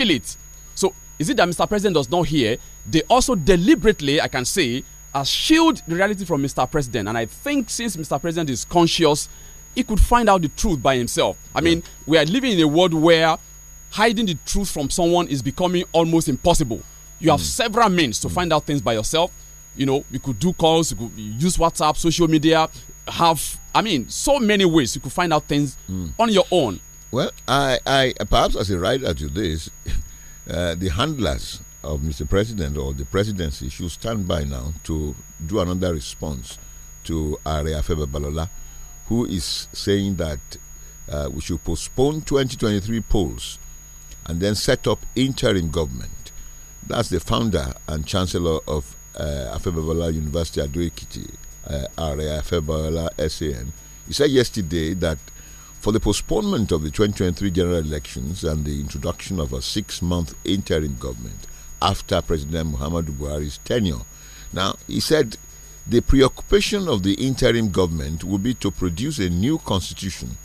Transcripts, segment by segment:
feel it. So is it that Mr. President does not hear? They also deliberately, I can say, has shielded the reality from Mr. President. And I think since Mr. President is conscious, he could find out the truth by himself. I mean, we are living in a world where hiding the truth from someone is becoming almost impossible. You have hmm. several means to mm. find out things by yourself. You know, you could do calls, you could use WhatsApp, social media, have, I mean, so many ways you could find out things mm. on your own. Well, I, I perhaps as a writer to this, uh, the handlers of Mr. President or the presidency should stand by now to do another response to Aria Febe Balola, who is saying that uh, we should postpone 2023 polls and then set up interim government. That's the founder and chancellor of uh, Afebebola University Adoekiti, uh, Aria Afebebola SAN. He said yesterday that for the postponement of the 2023 general elections and the introduction of a six month interim government after President Muhammadu Buhari's tenure. Now, he said the preoccupation of the interim government will be to produce a new constitution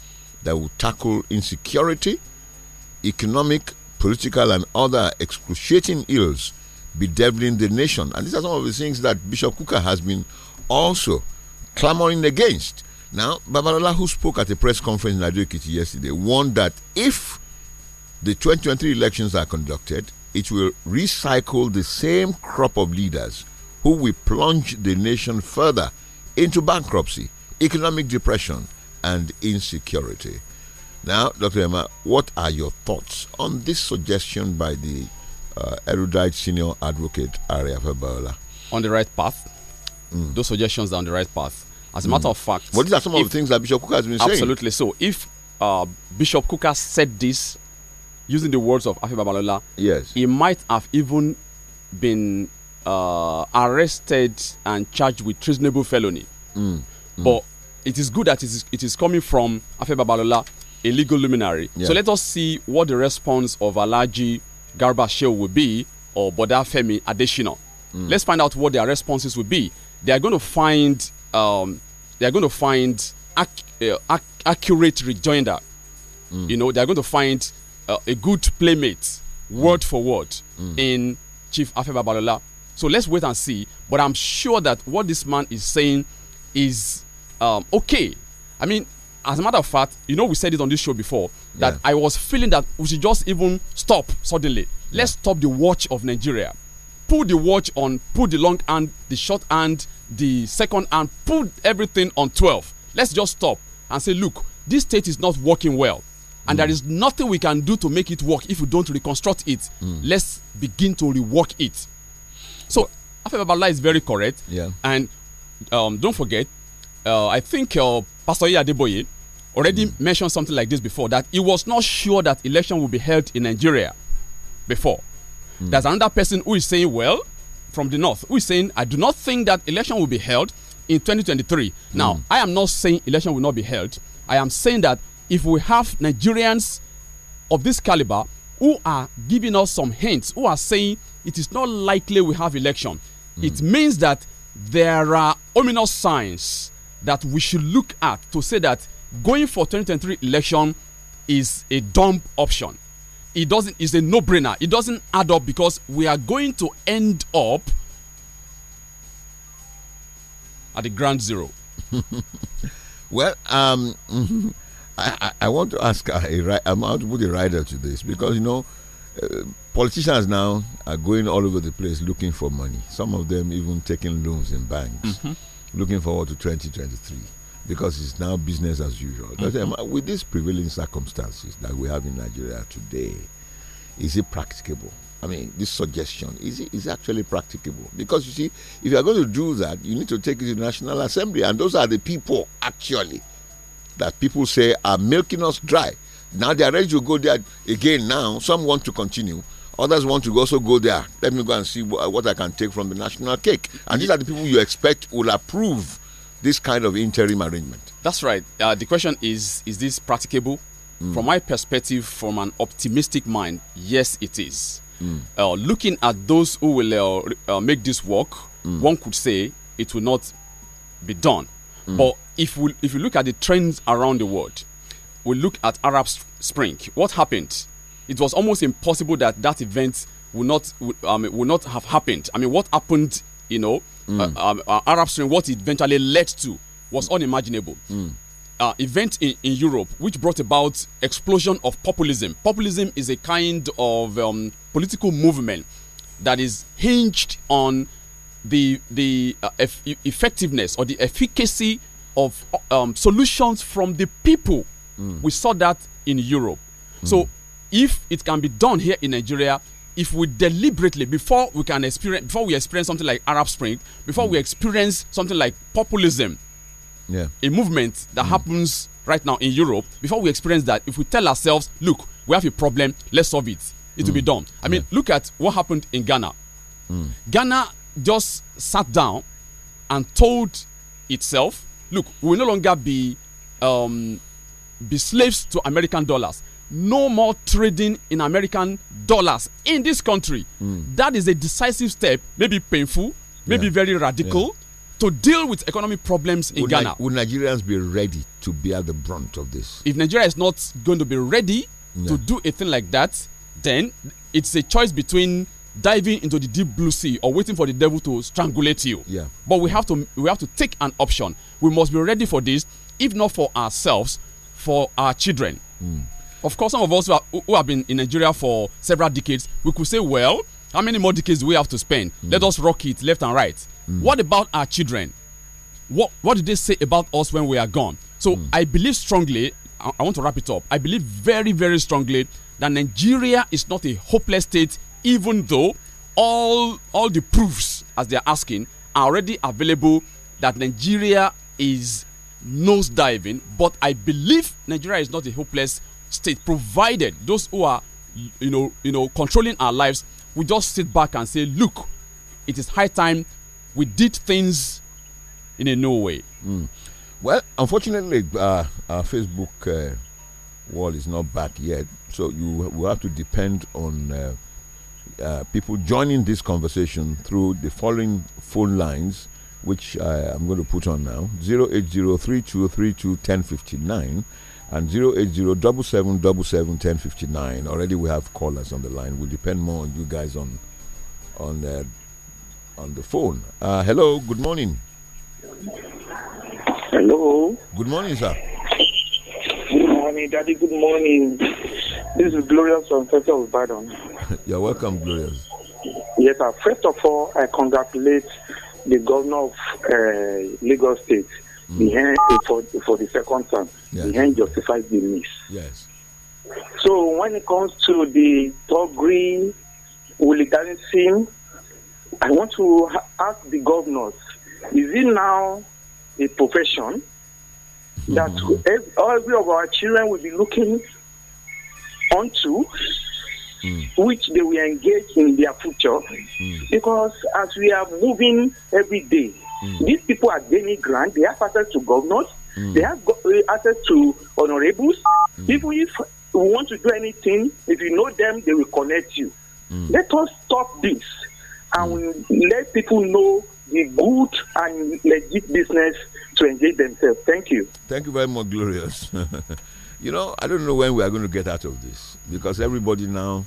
that will tackle insecurity, economic, political, and other excruciating ills bedeviling the nation. And these are some of the things that Bishop Kuka has been also clamoring against. Now, Babalola, who spoke at a press conference in Nairobi yesterday, warned that if the 2023 elections are conducted, it will recycle the same crop of leaders who will plunge the nation further into bankruptcy, economic depression, and insecurity. Now, Dr. Emma, what are your thoughts on this suggestion by the uh, erudite senior advocate Arya Fabaola? On the right path. Mm. Those suggestions are on the right path. As a mm. matter of hmm. fact, well, these are some if, of the things that Bishop Cooker has been absolutely saying. Absolutely. So, if uh, Bishop Cooker said this using the words of Afi Babalola, yes, he might have even been uh, arrested and charged with treasonable felony. Mm. Mm. But it is good that it is, it is coming from Afi Babalola, a legal luminary. Yeah. So let us see what the response of Alaji Garba Shehu will be or Boda Femi Adeshina. Mm. Let's find out what their responses will be. They are going to find um, they are going to find ac uh, ac accurate rejoinder. Mm. You know, they are going to find uh, a good playmate, mm. word for word, mm. in Chief Afeba Balola. So let's wait and see. But I'm sure that what this man is saying is um, okay. I mean, as a matter of fact, you know, we said it on this show before that yeah. I was feeling that we should just even stop suddenly. Let's stop the watch of Nigeria pull the watch on, pull the long hand, the short hand, the second hand, pull everything on 12. Let's just stop and say, look, this state is not working well. And mm. there is nothing we can do to make it work if we don't reconstruct it. Mm. Let's begin to rework it. So, Afem is very correct. Yeah. And um, don't forget, uh, I think uh, Pastor Yadeboye already mm. mentioned something like this before that he was not sure that election would be held in Nigeria before. Mm. There's another person who is saying, well, from the north, who is saying, I do not think that election will be held in 2023. Mm. Now, I am not saying election will not be held. I am saying that if we have Nigerians of this caliber who are giving us some hints, who are saying it is not likely we have election, mm. it means that there are ominous signs that we should look at to say that going for 2023 election is a dumb option it doesn't it's a no-brainer it doesn't add up because we are going to end up at the ground zero well um I, I want to ask i i'm out to put a rider to this because you know uh, politicians now are going all over the place looking for money some of them even taking loans in banks mm -hmm. looking forward to 2023 because it's now business as usual. Mm -hmm. With these prevailing circumstances that we have in Nigeria today, is it practicable? I mean, this suggestion is it is actually practicable? Because you see, if you are going to do that, you need to take it to the National Assembly, and those are the people actually that people say are milking us dry. Now they are ready to go there again. Now some want to continue, others want to also go there. Let me go and see what I can take from the national cake. And these are the people you expect will approve this kind of interim arrangement? That's right. Uh, the question is is this practicable? Mm. From my perspective, from an optimistic mind, yes, it is. Mm. Uh, looking at those who will uh, uh make this work, mm. one could say it will not be done. Hmm. But if we if you look at the trends around the world, we look at Arab Spring. What happened? It was almost impossible that that event would not would, um, would not have happened. I mean, what happened? You know, mm. Uh, um, uh, Arab Spring, what it eventually led to, was unimaginable. Mm. mm. Uh, event in, in Europe which brought about explosion of populism. Populism is a kind of um, political movement that is hinged on the the uh, eff effectiveness or the efficacy of uh, um, solutions from the people. Mm. We saw that in Europe. Mm. So if it can be done here in Nigeria, if we deliberately before we can experience before we experience something like arab spring before mm. we experience something like populism yeah. a movement that mm. happens right now in europe before we experience that if we tell ourselves look we have a problem let's solve it it mm. will be mm. done i mean yeah. look at what happened in ghana mm. ghana just sat down and told itself look we will no longer be um, be slaves to american dollars no more trading in American dollars in this country. Mm. That is a decisive step, maybe painful, maybe yeah. very radical, yeah. to deal with economic problems in would Ghana. Ni would Nigerians be ready to bear the brunt of this? If Nigeria is not going to be ready yeah. to do a thing like that, then it's a choice between diving into the deep blue sea or waiting for the devil to strangulate you. Yeah. But we have to we have to take an option. We must be ready for this, if not for ourselves, for our children. Mm. Of course, some of us who, are, who have been in Nigeria for several decades, we could say, well, how many more decades do we have to spend? Mm. Let us rock it left and right. Mm. What about our children? What what did they say about us when we are gone? So mm. I believe strongly. I, I, want to wrap it up. I believe very very strongly that Nigeria is not a hopeless state, even though all all the proofs as they are asking are already available that Nigeria is nose diving. But I believe Nigeria is not a hopeless state provided those who are you know you know controlling our lives we just sit back and say look it is high time we did things in a no way mm. well unfortunately uh, our facebook uh, wall is not back yet so you will have to depend on uh, uh, people joining this conversation through the following phone lines which uh, i'm going to put on now 08032321059 and 80 Already we have callers on the line. we depend more on you guys on on the, uh, on the phone. Uh, hello, good morning. Hello. Good morning, sir. Good morning, Daddy. Good morning. This is Glorious from Festival of Badon. You're welcome, Glorious. Yes, sir. First of all, I congratulate the governor of uh, Lagos State mm. for, for the second time yes. the end justifies the means. Yes. So when it comes to the thuggery, hooliganism, I want to ask the governors: Is it now a profession that mm. Mm-hmm. every, every of our children will be looking onto? Mm. Which they will engage in their future mm. because as we are moving every day, mm. these people are gaining grant. they have access to governors, Mm. They have got, uh, access to honorables. Mm. Even if want to do anything, if you know them, they will connect you. Mm. Let us stop this and mm. let people know the good and legit business to engage themselves. Thank you. Thank you very much, Glorious. you know, I don't know when we are going to get out of this because everybody now,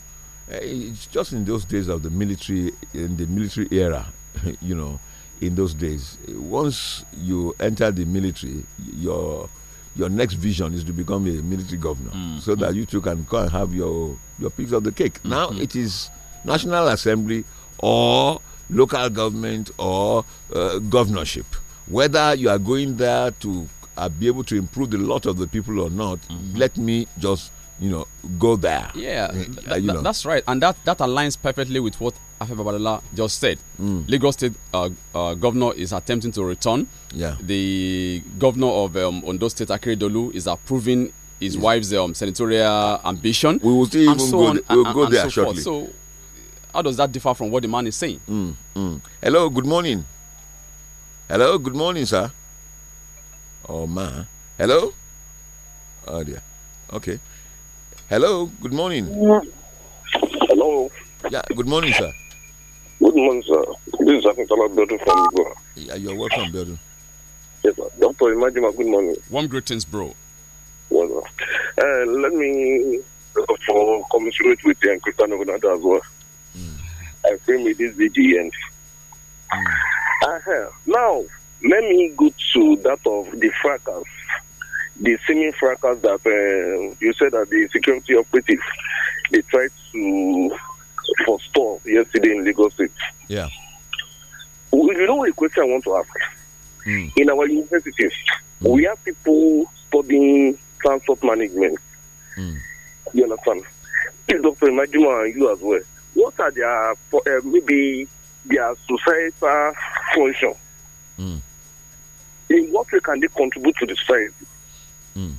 eh, it's just in those days of the military, in the military era, you know, in those days. Once you enter the military, your your next vision is to become a military governor, mm. so that you too can come and have your your piece of the cake. Mm. Now hmm. it is National Assembly or local government or uh, governorship. Whether you are going there to uh, be able to improve the lot of the people or not, mm. let me just you know, go there. Yeah, you know. that's right, and that that aligns perfectly with what Afe just said. Mm. Lagos State uh, uh, Governor is attempting to return. Yeah, the Governor of um, Ondo State Akeredolu is approving his yes. wife's um, senatorial ambition. We will still even so go, on, we'll and, go and, there and so shortly. Forth. So, how does that differ from what the man is saying? Mm, mm. Hello, good morning. Hello, good morning, sir. Oh, man. Hello? Oh, dear. Okay. Hello, good morning. Hello. Yeah, good morning, sir. Good morning, sir. This is Akintola Beldu from Igora. Yeah, you're welcome, Beldu. Yes, sir. Dr. my good morning. Warm greetings, bro. Well, uh, let me uh, for commiserate with the Christian Ronaldo as well. Mm. I frame this video and, Mm. Uh -huh. Now, let me go to that of the fracas the seeming fracas that uh, you said that the security operatives they tried to forestall yesterday in Lagos State. Yeah. You know a question I want to ask. Mm. In our universities, mm. we have people studying transport management. Mm. You understand? Please, Dr. Imajima and you as well. What are their uh, maybe their societal function? Hmm. In what way can they contribute to the society? Mm.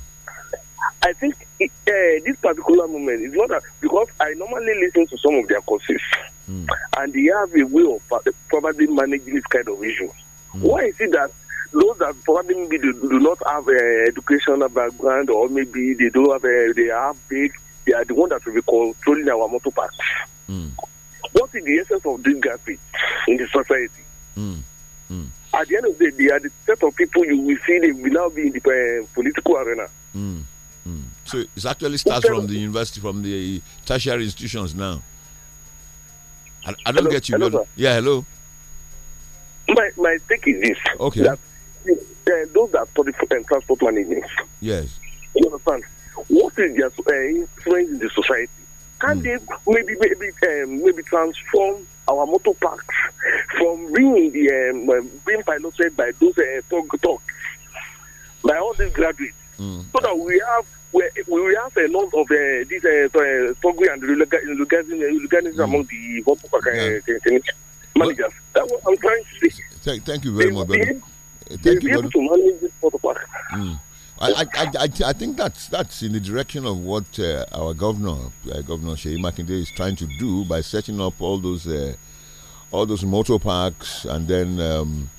I think it, uh, eh, this particular moment is not a, because I normally listen to some of their courses, mm. and they have a way of uh, probably managing this kind of issue. Mm. Why is it that those that probably maybe do, do not have an eh, educational background, or maybe they don't have a, eh, they are big, they are the one that will be controlling our motor park. Mm. What is the essence of this gap in the society? Hmm. Hmm at the end of the day, they are the set of people you will see they will now be in the uh, political arena. Mm. Mm. So it actually starts from the university, from the tertiary institutions now. I, I don't hello, get you. Hello, yeah, hello. My, my take is this. Okay. That, uh, those that study um, transport management. Yes. You understand? What is their uh, influence in the society? Can mm. they maybe maybe um, maybe transform our motor parks from being the um, being piloted by those uh, talk, talk by all these graduates, mm. so that we have we, we have a lot of uh, this uh, uh and legalism mm. among the uh, yeah. managers. That's what I'm trying to say. Thank, thank you very much. Thank you. Able to manage this mm. I, I, I, I think that's that's in the direction of what uh, our governor, uh, Governor Sheyi Makinde, is trying to do by setting up all those uh, all those motor parks and then um,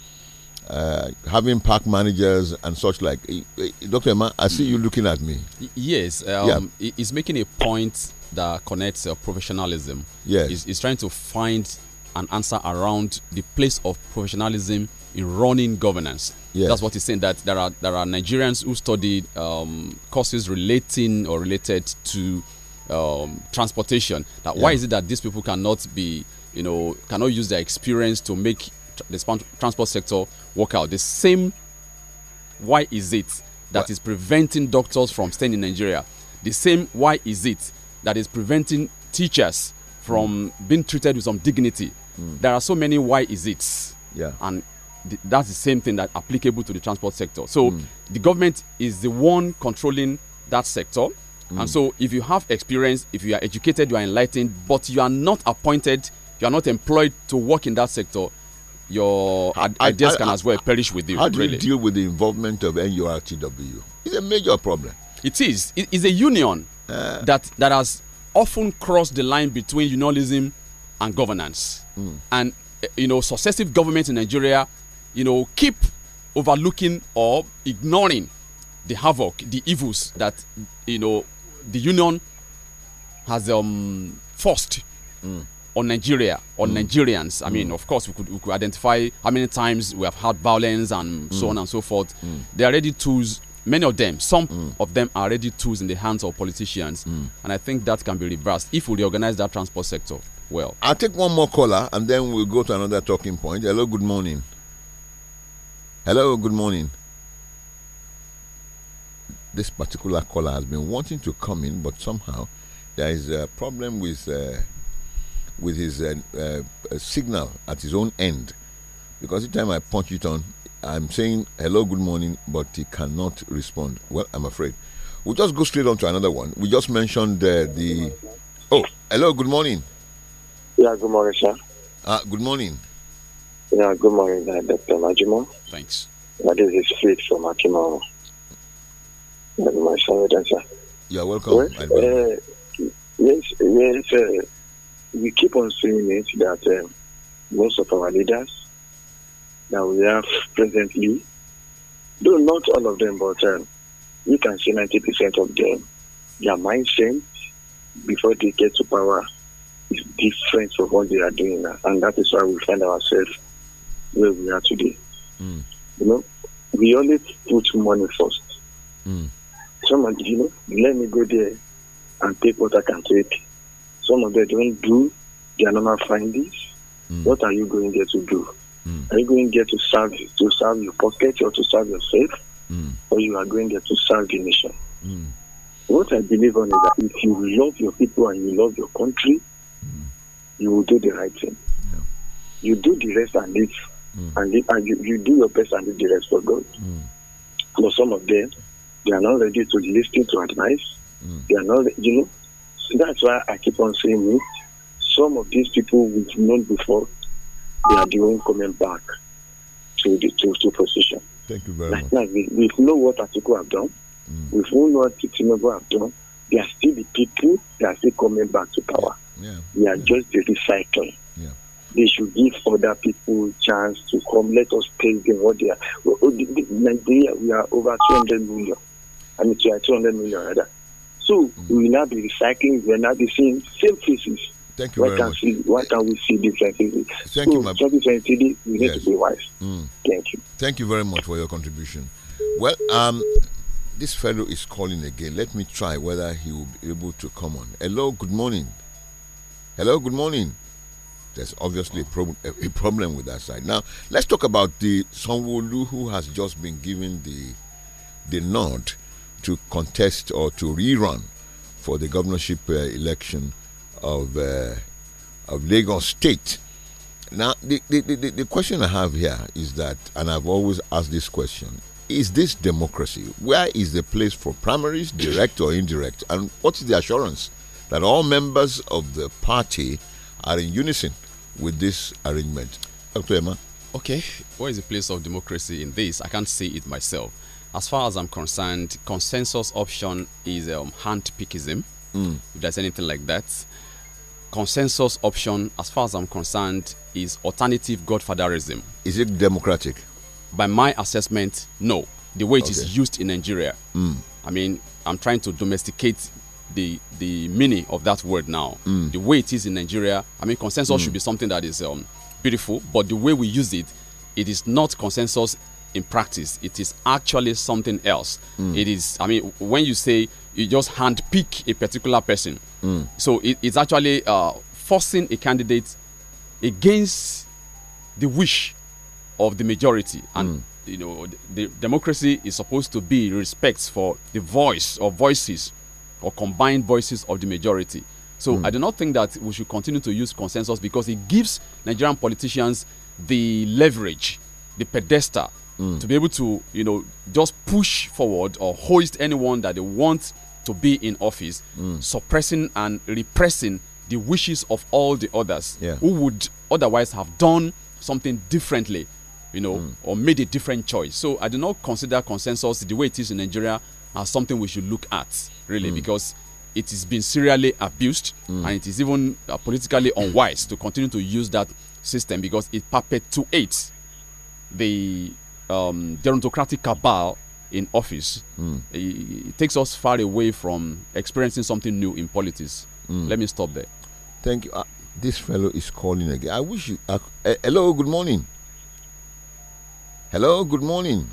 uh, having park managers and such like. Eh, eh, Dr. Emma, I see you looking at me. Yes, um, yeah. he's making a point that connects uh, professionalism. Yes. He's, he's, trying to find an answer around the place of professionalism in running governance. Yes. That's what he's saying, that there are, there are Nigerians who studied um, courses relating or related to um, transportation. That yeah. Why is it that these people cannot be you know, cannot use their experience to make the transport sector work out. The same, why is it that what? is preventing doctors from staying in Nigeria? The same, why is it that is preventing teachers from mm. being treated with some dignity? Mm. There are so many why is it. Yeah. And th that's the same thing that applicable to the transport sector. So mm. the government is the one controlling that sector. And hmm. so if you have experience, if you are educated, you are enlightened, but you are not appointed you are not employed to work in that sector, your I, ideas I, I, can as well perish with you. How do really. you deal with the involvement of NURTW? It's a major problem. It is. It is a union uh, that that has often crossed the line between unionism and governance. Mm. And eh, you know, successive governments in Nigeria, you know, keep overlooking or ignoring the havoc, the evils that you know the union has um, forced mm on Nigeria, on mm. Nigerians. I mean, mm. of course, we could, we could identify how many times we have had violence and mm. so on and so forth. Mm. They are ready tools, many of them, some mm. of them are ready tools in the hands of politicians. And I think that can be reversed if we reorganize that transport sector well. I'll take one more caller and then we'll go to another talking point. Hello, good morning. Hello, good morning. This particular caller has been wanting to come in, but somehow there is a problem with. Uh, with his uh, uh signal at his own end. Because every time I punch it on, I'm saying hello, good morning, but he cannot respond. Well, I'm afraid. We'll just go straight on to another one. We just mentioned uh, the. Oh, hello, good morning. Yeah, good morning, sir. Uh, good morning. Yeah, good morning, uh, Dr. Majima. Thanks. Uh, this is Faith from Akimaro. My son, sir. You're welcome. Well, uh, yes, yes, we keep on saying it that um, most of our leaders that we have presently, though not all of them, but um, can say 90% of them, their mindset before they get to power is different from what they are doing now. And that is why we find ourselves where we are today. Mm. You know, we only put money first. Mm. Someone, you know, let me go there and take what I can take some of them don't do their normal findings. Mm. What are you going there to do? Mm. Are you going there to serve to serve your pocket or to serve yourself? Mm. Or you are going there to serve the nation? Hmm. What I believe on is that if you love your people and you love your country, hmm. you will do the right thing. Yeah. You do the rest and live. Hmm. And, live, and you, you, do your best and do the rest for God. For some of them, they are not ready to listen to advice. They are not, you know, that's why I keep on saying it. Some of these people we've known before, they are the one coming back to the to, to position. Thank you very like, much. Like we, we know what Atiku have done. Mm. We know what Tinubu have done. They are still the people that are still coming back to power. Yeah. They are yeah. just the recycling. Yeah. They should give other people chance to come. Let us take them what they are. Oh, oh, Nigeria, we are over 200 million. I mean, 200 million rather. So we will not be recycling, we will not be seeing same faces. Thank you what can See, can we see different faces? Thank so you, hmm, my 2023, we yes. need to be wise. Mm. Thank you. Thank you very much for your contribution. Well, um, this fellow is calling again. Let me try whether he will be able to come on. Hello, good morning. Hello, good morning. There's obviously a, prob a problem with that side. Now, let's talk about the Sonwolu who has just been given the the nod to contest or to rerun for the governorship uh, election of uh, of Lagos State. Now, the, the, the, the question I have here is that, and I've always asked this question is this democracy? Where is the place for primaries, direct or indirect? And what is the assurance that all members of the party are in unison with this arrangement? Dr. Emma? Okay, where is the place of democracy in this? I can't see it myself as far as I'm concerned, consensus option is um, pickism. mm. if there's anything like that. Consensus option, as far as I'm concerned, is alternative godfatherism. Is it democratic? By my assessment, no. The way it okay. is used in Nigeria. Mm. I mean, I'm trying to domesticate the the meaning of that word now. Mm. The way it is in Nigeria, I mean, consensus mm. should be something that is um, beautiful, but the way we use it, it is not consensus in practice, it is actually something else. Mm. It is, I mean, when you say you just handpick a particular person, mm. so it, it's actually uh, forcing a candidate against the wish of the majority. And, mm. you know, the, the democracy is supposed to be respect for the voice or voices or combined voices of the majority. So mm. I do not think that we should continue to use consensus because it gives Nigerian politicians the leverage, the pedestal mm. to be able to, you know, just push forward or hoist anyone that they want to be in office, mm. suppressing and repressing the wishes of all the others yeah. who would otherwise have done something differently, you know, mm. or made a different choice. So I do not consider consensus the way it is in Nigeria as something we should look at, really, mm. because it is being serially abused mm. and it is even uh, politically unwise to continue to use that system because it perpetuates the um, gerontocratic cabal in office, mm. it, it, takes us far away from experiencing something new in politics. Mm. Let me stop there. Thank you. Uh, this fellow is calling again. I wish you. Uh, uh, hello, good morning. Hello, good morning.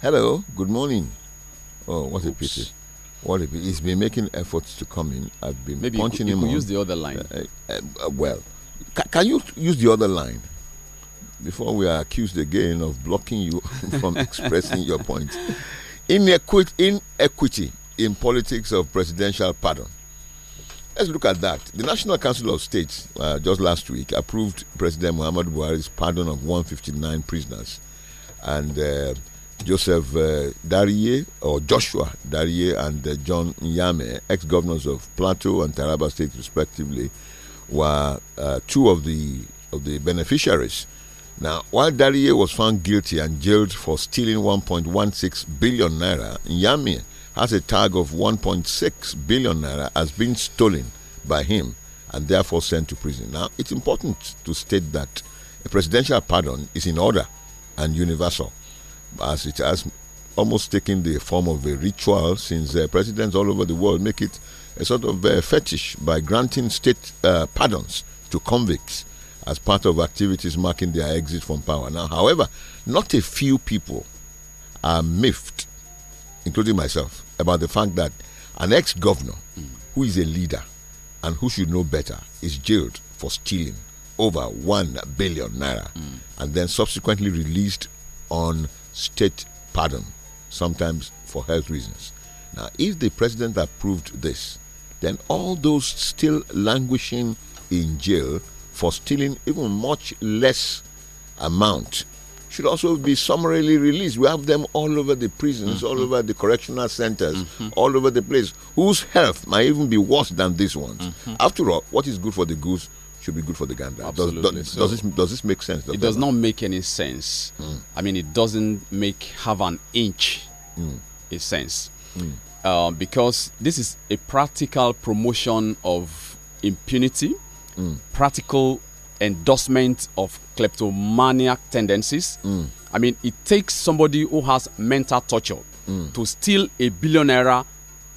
Hello, good morning. Oh, what Oops. a pity. What a pity. He's been making efforts to come in. I've been Maybe punching you could, you him. Maybe use the other line. Uh, uh, uh, well, ca can you use the other line? before we are accused again of blocking you from expressing your point. Inequi inequity in politics of presidential pardon. Let's look at that. The National Council of States uh, just last week approved President Muhammad Buhari's pardon of 159 prisoners. And uh, Joseph uh, Darie, or Joshua Darie, and uh, John Nyame, ex governors of Plateau and Taraba State, respectively, were uh, two of the, of the beneficiaries now, while Dariye was found guilty and jailed for stealing 1.16 billion naira, Yami has a tag of 1.6 billion naira as being stolen by him and therefore sent to prison. Now, it's important to state that a presidential pardon is in order and universal, as it has almost taken the form of a ritual since uh, presidents all over the world make it a sort of uh, fetish by granting state uh, pardons to convicts as part of activities marking their exit from power. Now, however, not a few people are miffed, including myself, about the fact that an ex governor mm. who is a leader and who should know better is jailed for stealing over 1 billion naira mm. and then subsequently released on state pardon, sometimes for health reasons. Now, if the president approved this, then all those still languishing in jail for stealing even much less amount should also be summarily released. We have them all over the prisons, mm -hmm. all mm-hmm. over the correctional centers, mm -hmm. all over the place, whose health might even be worse than these ones. Mm -hmm. After all, what is good for the goose should be good for the gander. Absolutely. Does, does, so does, this, does this make sense? Does it does not make any sense. Mm. I mean, it doesn't make have an inch mm. a sense. Mm. Uh, because this is a practical promotion of impunity mm. practical endorsement of kleptomaniac tendencies. Mm. I mean, it takes somebody who has mental torture mm. to steal a billionaire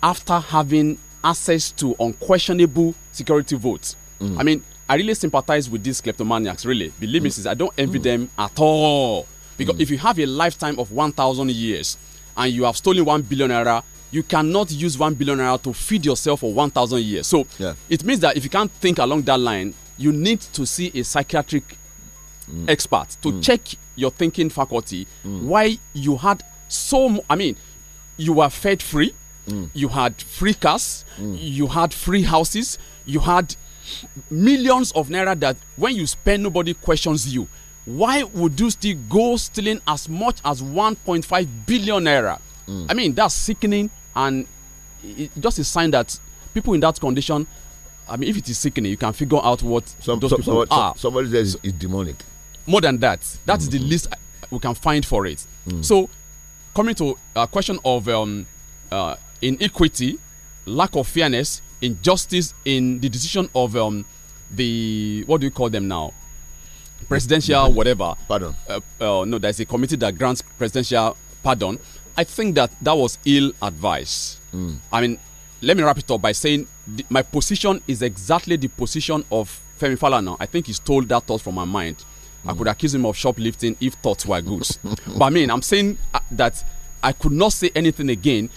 after having access to unquestionable security votes. Mm. I mean, I really sympathize with these kleptomaniacs, really. Believe me, mm. sis, I don't envy mm. them at all. Because if you have a lifetime of 1,000 years and you have stolen 1 billion naira, you cannot use one billion naira to feed yourself for 1,000 years. So yeah. it means that if you can't think along that line, you need to see a psychiatric mm. expert to mm. check your thinking faculty, mm. why you had so, I mean, you were fed free, mm. you had free cars, mm. you had free houses, you had millions of naira that when you spend, nobody questions you. Why would you still go stealing as much as 1.5 billion naira? Mm. I mean, that's sickening and it, it just a sign that people in that condition I mean, if it is sickening, you can figure out what some, those some, people some, are. Somebody there is, is demonic. More than that, that's mm -hmm. the least we can find for it. Mm. So, coming to a question of um, uh, inequity, lack of fairness, injustice in the decision of um, the what do you call them now? Presidential, mm. whatever. Pardon. Uh, uh, no, there's a committee that grants presidential pardon. I think that that was ill advice. Mm. I mean, let me wrap it up by saying the, my position is exactly the position of Femi Falana. I think he stole that thought from my mind. Mm. I could accuse him of shoplifting if thoughts were goods. but I mean, I'm saying uh, that I could not say anything again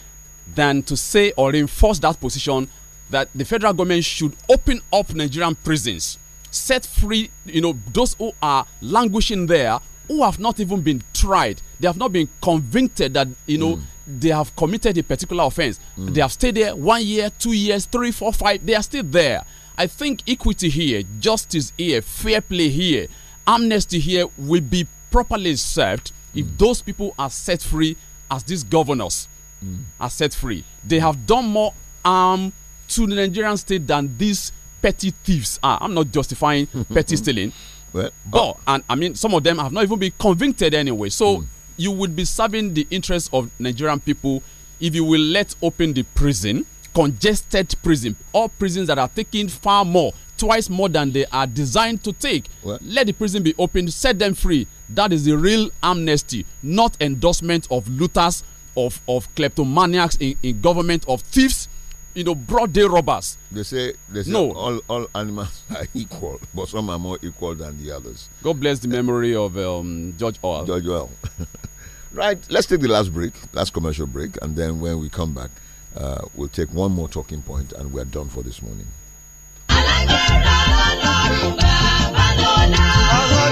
than to say or reinforce that position that the federal government should open up Nigerian prisons, set free, you know, those who are languishing there who have not even been tried, they have not been convicted that, you know, mm. they have committed a particular offense. Mm. They have stayed there one year, two years, three, four, five. They are still there. I think equity here, justice here, fair play here, amnesty here will be properly served if mm. those people are set free as these governors mm. are set free. They have done more harm to the Nigerian state than these petty thieves are. I'm not justifying petty stealing. Well, oh. and I mean, some of them have not even been convicted anyway. So mm. you would be serving the interests of Nigerian people if you will let open the prison, congested prison, all prisons that are taking far more, twice more than they are designed to take. Well, let the prison be opened, set them free. That is the real amnesty, not endorsement of looters, of, of kleptomaniacs in, in government, of thieves you know, broad day robbers. They say, they say no. all, all animals are equal, but some are more equal than the others. God bless the memory of um, George Orwell. George Orwell. right, let's take the last break, last commercial break, and then when we come back, uh, we'll take one more talking point and we're done for this morning.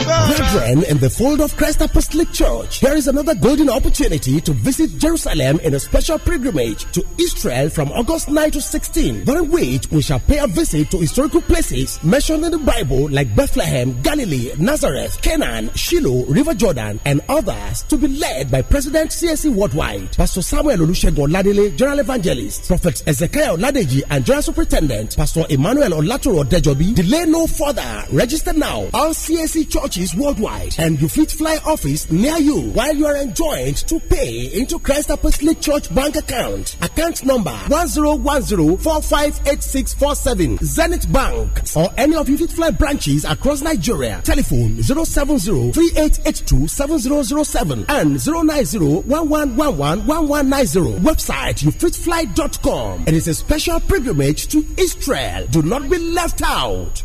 Brethren, in the fold of Christ Apostolic Church, there is another golden opportunity to visit Jerusalem in a special pilgrimage to Israel from August 9 to 16, during which we shall pay a visit to historical places mentioned in the Bible like Bethlehem, Galilee, Nazareth, Canaan, Shiloh, River Jordan, and others to be led by President CSE Worldwide, Pastor Samuel Olusegun Oladele, General Evangelist, Prophet Ezekiel Oladeji, and General Superintendent, Pastor Emmanuel Olatoro Dejobi. Delay no further. Register now. All CSE Church churches worldwide and you fit fly office near you while you are enjoined to pay into Christ Apostolic Church bank account. Account number 1010458647 Zenith Bank or any of you fit fly branches across Nigeria. Telephone 070 7007 and 090-1111-1190. Website youfitfly.com. It is a special pilgrimage to Israel. Do not be left out.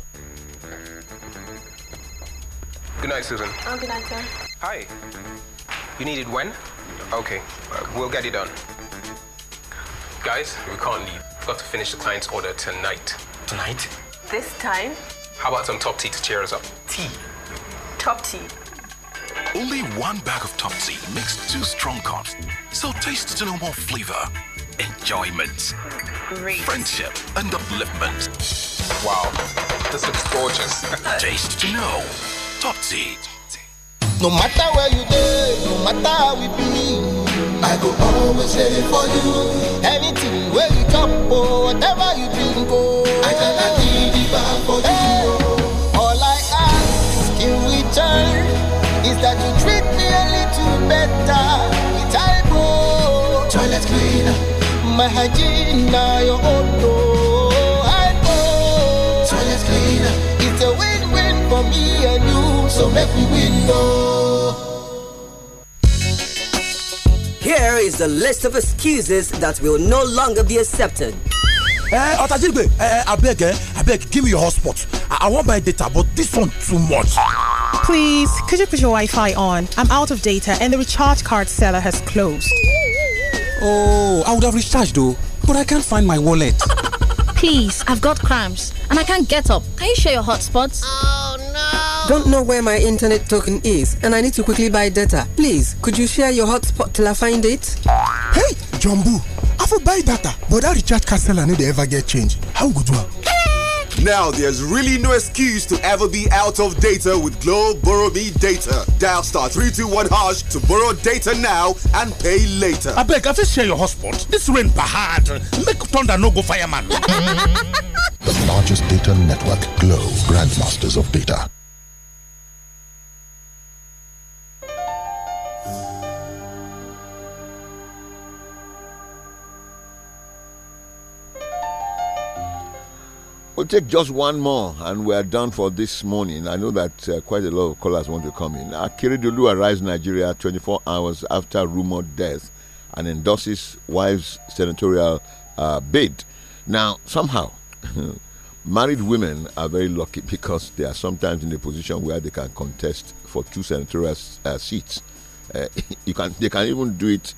Good night, Susan. Oh, good night, sir. Hi. You needed when? Okay, we'll get it done. Guys, we can't leave. We've got to finish the client's order tonight. Tonight? This time? How about some top tea to cheer us up? Tea. Top tea. Only one bag of top tea makes two strong cups. So taste to know more flavor, enjoyment, Great. friendship, and upliftment. Wow, this looks gorgeous. taste to know top tea. No matter where you go, no matter how we be, I go always ready for you. Anything where you chop or oh, whatever you drink, oh, I cannot be the bar for hey. you. Oh. All I ask in return is that you treat me a little better. It's oh. Toilet cleaner, my hygiene, now your own. for me and you, so make we win, Here is the list of excuses that will no longer be accepted. Eh, Otajigbe, eh, eh, abeg, eh, abeg, give me your hotspot. I, I want my data, but this one too much. Please, could you put your Wi-Fi on? I'm out of data and the recharge card seller has closed. Oh, I would have recharged though, but I can't find my wallet. Please, I've got cramps and I can't get up. Can you share your hotspots? Oh no! Don't know where my internet token is and I need to quickly buy data. Please, could you share your hotspot till I find it? Hey, Jumbo, I for buy data, but that recharge card seller need ever get change. How good one? Now there's really no excuse to ever be out of data with Glow Borrow Me Data. Dial star 321 hash to borrow data now and pay later. I beg, I fit share your hotspot. This rain bahad. Make thunder no go fireman. the largest data network, Glow, grandmasters of data. We'll take just one more and we're done for this morning. I know that uh, quite a lot of callers want to come in. Akiridulu arrives in Nigeria 24 hours after rumored death and endorses wife's senatorial uh, bid. Now, somehow, married women are very lucky because they are sometimes in a position where they can contest for two senatorial uh, seats. Uh, you can they can even do it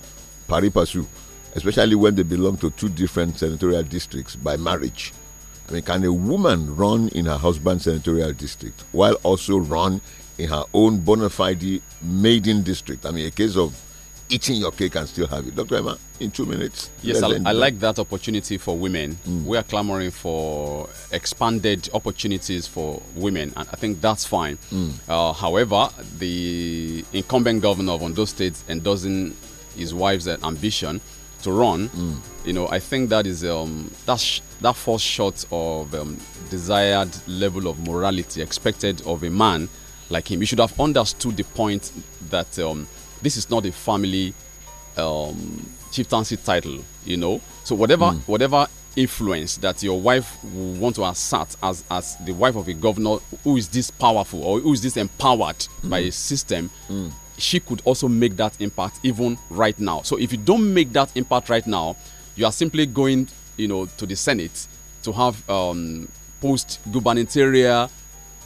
pari passu, especially when they belong to two different senatorial districts by marriage. I mean, can a woman run in her husband's senatorial district while also run in her own bona fide maiden district? I mean, a case of eating your cake and still have it. Dr. Emma, in two minutes. Yes, I, I like that opportunity for women. Mm. We are clamoring for expanded opportunities for women, and I think that's fine. Mm. Uh, however, the incumbent governor of and does endorsing his wife's ambition to run, mm. you know, I think that is um, that's that falls short of um, desired level of morality expected of a man like him. You should have understood the point that um, this is not a family um, chieftaincy title, you know. So whatever mm. whatever influence that your wife will want to assert as as the wife of a governor who is this powerful or who is this empowered mm. by a system. Mm. She could also make that impact even right now. So, if you don't make that impact right now, you are simply going you know, to the Senate to have um, post-gubernatorial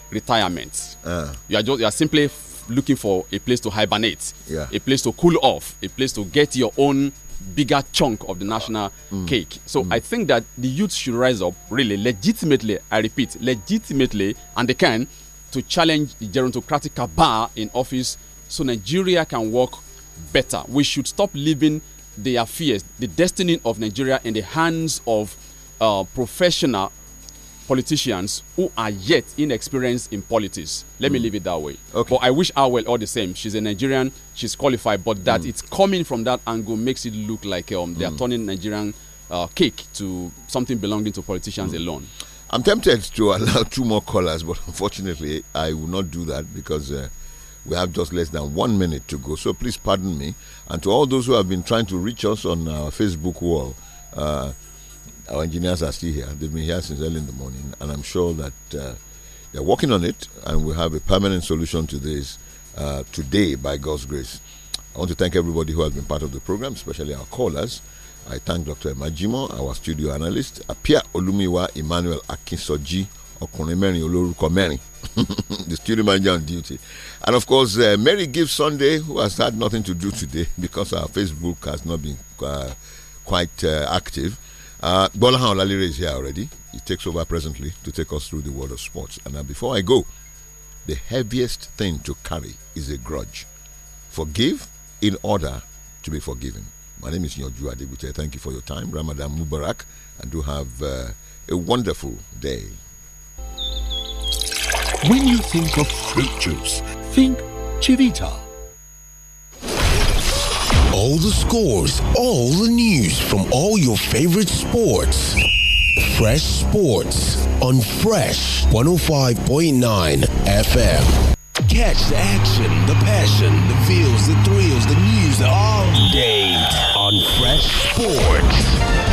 retirement. Uh. You are just you are simply looking for a place to hibernate, yeah. a place to cool off, a place to get your own bigger chunk of the national ah. mm. cake. So mm. I think that the youth should rise up, really, legitimately. I repeat, legitimately, and they can to challenge the gerontocratic cabal in office, so Nigeria can work better. We should stop living their affairs, the destiny of Nigeria in the hands of uh, professional politicians who are yet inexperienced in politics. Let mm. me hmm. leave it that way. Okay. But I wish her well all the same. She's a Nigerian, she's qualified, but that mm. it's coming from that angle makes it look like um, they are mm. turning Nigerian uh, cake to something belonging to politicians hmm. alone. I'm tempted to allow two more callers, but unfortunately, I will not do that because uh, we have just less than one minute to go, so please pardon me. And to all those who have been trying to reach us on our Facebook wall, uh, our engineers are still here. They've been here since early in the morning, and I'm sure that uh, they're working on it, and we have a permanent solution to this uh, today by God's grace. I want to thank everybody who has been part of the program, especially our callers. I thank Dr. Emajimo, our studio analyst, Apia Olumiwa Emmanuel Akinsoji ọkùnrin mẹ́rin olórúkọ mẹ́rin the studio manager on duty and of course uh, Mary Gibbs Sunday who has had nothing to do today because her Facebook has not been uh, quite uh, active uh, Gbolahan Olalere is here already he takes over presently to take us through the world of sports and now, before I go the heaviest thing to carry is a grudge forgive in order to be forgiven my name is Nyoju Adibute thank you for your time Ramadan Mubarak and do have uh, a wonderful day when you think of fruit juice, think Chivita. All the scores, all the news from all your favorite sports. Fresh Sports on Fresh 105.9 FM. Catch the action, the passion, the feels, the thrills, the news all day on Fresh Sports.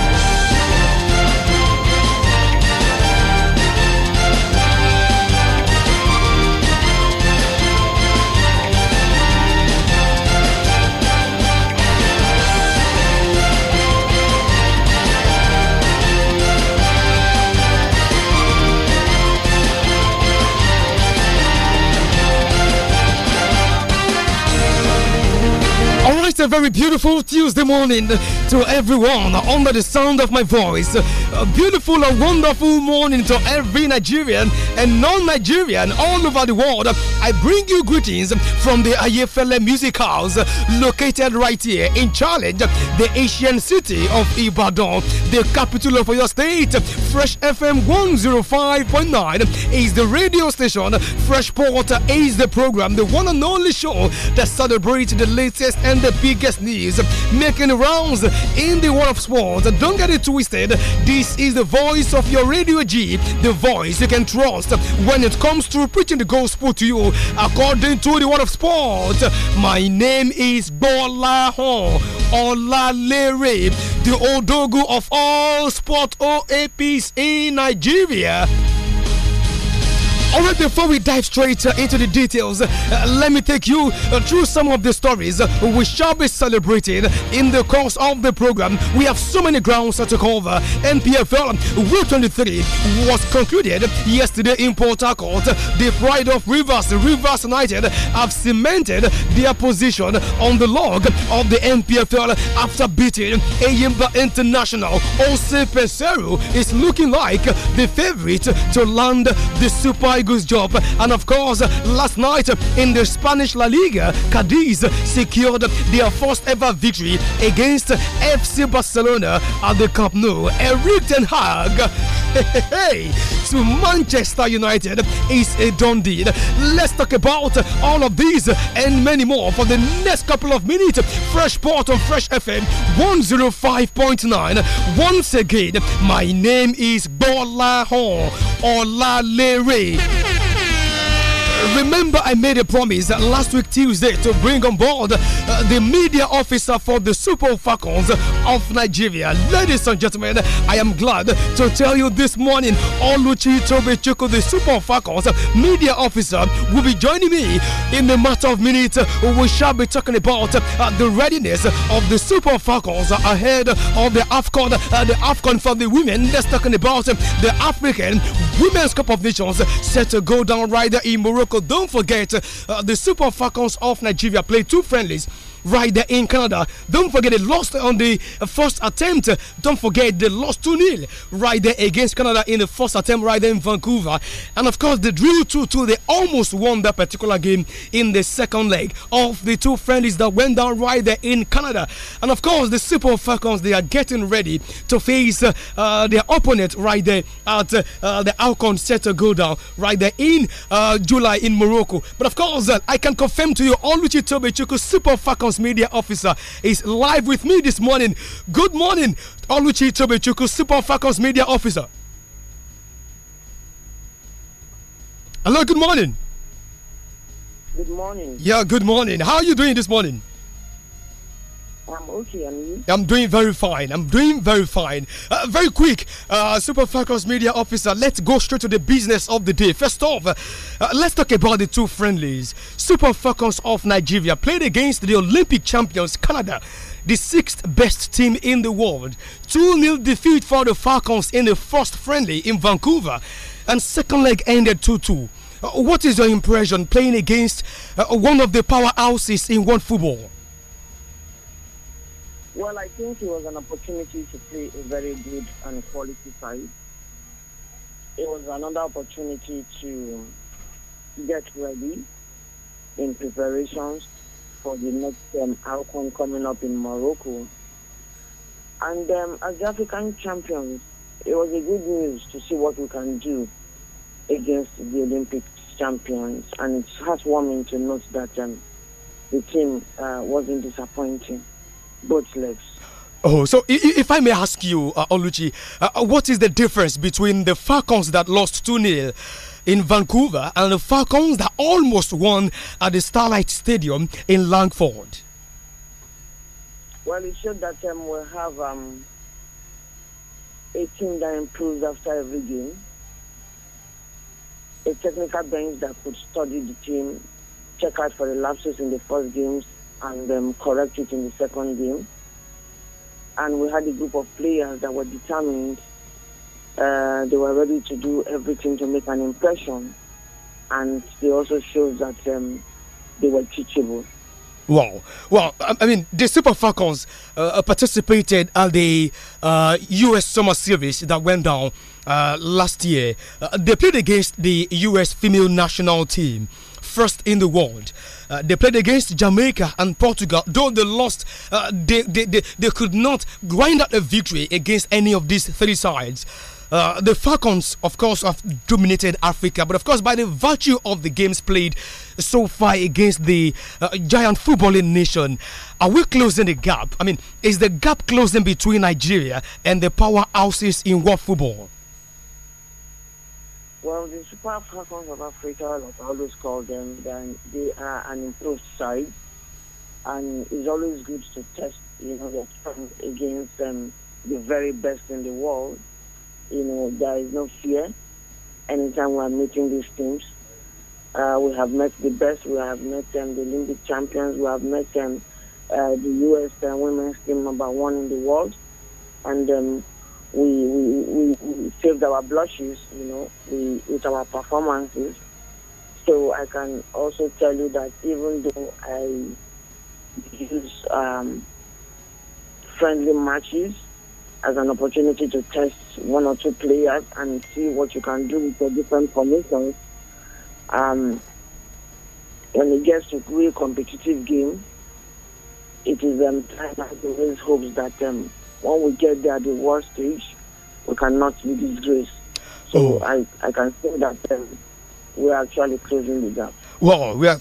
a very beautiful Tuesday morning to everyone under the sound of my voice. A beautiful and wonderful morning to every Nigerian and non Nigerian all over the world. I bring you greetings from the Ayefele Music House, located right here in Challenge, the Asian city of Ibadan, the capital of your state. Fresh FM 105.9 is the radio station. Fresh Porter is the program, the one and only show that celebrates the latest and the biggest news making rounds in the world of sports. Don't get it twisted. This is the voice of your Radio G, the voice you can trust when it comes to preaching the gospel to you according to the world of sports. My name is Bola Hon Olalere, the Odogu of all sport OAPs in Nigeria. All right, before we dive straight uh, into the details, uh, let me take you uh, through some of the stories uh, we shall be celebrating in the course of the program. We have so many grounds uh, to cover. NPFL Week 23 was concluded yesterday in Port Harcourt. The pride of Rivers, Rivers United, have cemented their position on the log of the NPFL after beating Ayimba International. Ose Pesero is looking like the favorite to land the Super Good job. And of course, last night in the Spanish La Liga, Cadiz secured their first ever victory against FC Barcelona at the Camp Nou. A Ten hug to Manchester United is a done deal. Let's talk about all of these and many more for the next couple of minutes. Fresh Port on Fresh FM 105.9. Once again, my name is Bola Hon Leray. Bye. Remember, I made a promise last week Tuesday to bring on board uh, the media officer for the Super Falcons of Nigeria. Ladies and gentlemen, I am glad to tell you this morning, Oluchi Tobe Chuku, the Super Falcons media officer, will be joining me in a matter of minutes. We shall be talking about uh, the readiness of the Super Falcons ahead of the AFCON, uh, the AFCON for the women. Let's talking about uh, the African Women's Cup of Nations set to go down right there in Morocco Morocco. Don't forget, uh, the Super Falcons of Nigeria played two friendlies right there in Canada. Don't forget they lost on the first attempt. Don't forget they lost 2 0 right there against Canada in the first attempt right there in Vancouver. And of course, they drew 2 2. They almost won that particular game in the second leg of the two friendlies that went down right there in Canada. And of course, the Super Falcons they are getting ready to face uh, their opponent right there at uh, the Alcon set to go down right there in uh, July in Morocco. But of course, uh, I can confirm to you, all Richie Tobichuku Super Falcons Media Officer, is live with me this morning. Good morning, Oluchi Tobechuku, Super Falcons Media Officer. Hello, good morning. Good morning. Yeah, good morning. How are you doing this morning? I'm okay, and you? I'm doing very fine. I'm doing very fine. Uh, very quick, uh, Super Falcons media officer, let's go straight to the business of the day. First off, uh, let's talk about the two friendlies. Super Falcons of Nigeria played against the Olympic champions Canada the sixth best team in the world. 2 0 defeat for the Falcons in the first friendly in Vancouver, and second leg ended 2 2. Uh, what is your impression playing against uh, one of the powerhouses in world football? Well, I think it was an opportunity to play a very good and quality side. It was another opportunity to get ready in preparations for the next um, outcome coming up in Morocco. And um, as the African champions, it was a good news to see what we can do against the Olympic champions. And it's heartwarming to note that um, the team uh, wasn't disappointing both legs. Oh, so if I may ask you, uh, Oluchi, uh, uh, what is the difference between the Falcons that lost 2 0 in Vancouver and the Falcons that almost won at the Starlight Stadium in Langford? Well, it showed that um, we have um, a team that improves after every game, a technical bench that could study the team, check out for the lapses in the first games, and um, correct it in the second game. And we had a group of players that were determined. Uh, they were ready to do everything to make an impression. And they also showed that um, they were teachable. Wow. Well, I mean, the Super Falcons uh, uh participated at the uh, U.S. Summer Series that went down uh, last year. Uh, they played against the U.S. female national team, first in the world. Uh, they played against Jamaica and Portugal. Though they lost, uh, they, they, they, they could not grind out a victory against any of these three sides. Uh, the Falcons, of course, have dominated Africa, but of course, by the virtue of the games played so far against the uh, giant footballing nation, are we closing the gap? I mean, is the gap closing between Nigeria and the powerhouses in world football? Well, the Super Falcons of Africa, like I always call them, then they are an improved side, and it's always good to test, you know, against um, the very best in the world. You know, there is no fear. Anytime we are meeting these teams, uh, we have met the best. We have met them, um, the Olympic champions. We have met them, um, uh, the U.S. women's team number one in the world, and um, we, we, we, saved our blushes, you know, we, with our performances. So I can also tell you that even though I use um, friendly matches as an opportunity to test one or two players and see what you can do with the different formations, um, when it gets to real competitive game, it is um, time to raise hopes that um, when we get there at the worst stage, we cannot be disgraced. So oh. I, I can say that um, we are actually closing the gap. Well, we are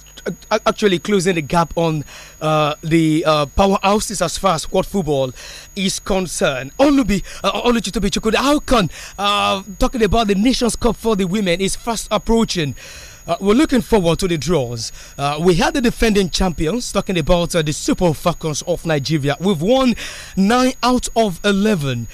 uh, actually closing the gap on uh, the uh, powerhouses as far as what football is concerned. only uh, Oluchitobi Chukwudi, how can uh, talking about the Nations Cup for the women is fast approaching? Uh, we're looking forward to the draws. Uh, we had the defending champions talking about uh, the Super Falcons of Nigeria. We've won nine out of 11.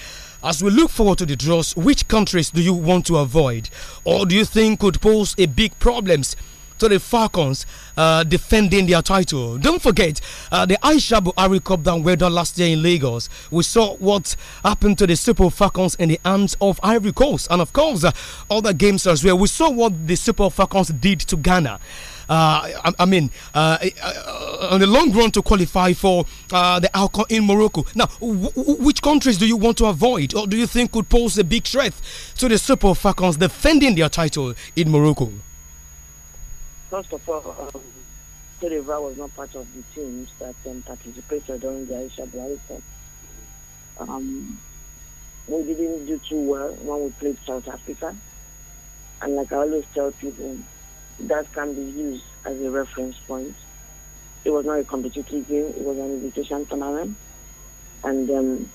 As we look forward to the draws, which countries do you want to avoid? Or do you think could pose a big problems? to the Falcons uh, defending their title. Don't forget uh, the Aisha Buhari Cup that were done last year in Lagos. We saw what happened to the Super Falcons in the arms of Ivory Coast, and of course, uh, other games as well. We saw what the Super Falcons did to Ghana. Uh, I, I, mean, uh, uh on the long run to qualify for uh, the outcome in Morocco. Now, which countries do you want to avoid or do you think could pose a big threat to the Super Falcons defending their title in Morocco? first of all, um, was not part of the teams that um, participated during the Aisha Buhari um, We didn't do too well when we played South Africa. And like I always tell people, that can be used as a reference point. It was not a competitive game, it was an invitation tournament. And um,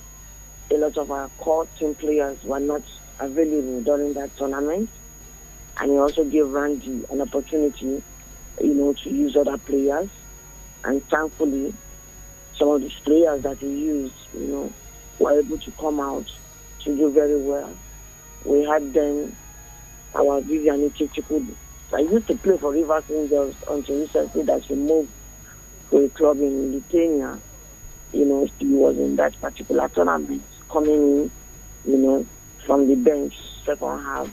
a lot of our core team players were not available during that tournament. And it also gave Randy an opportunity you know, to use other players. And thankfully, some of these players that he used, you know, were able to come out to do very well. We had then our Vivian Ichichikudu. I used to play for River Angels until recently that she moved to a club in Lithuania. You know, she was in that particular tournament, coming in, you know, from the bench, second half,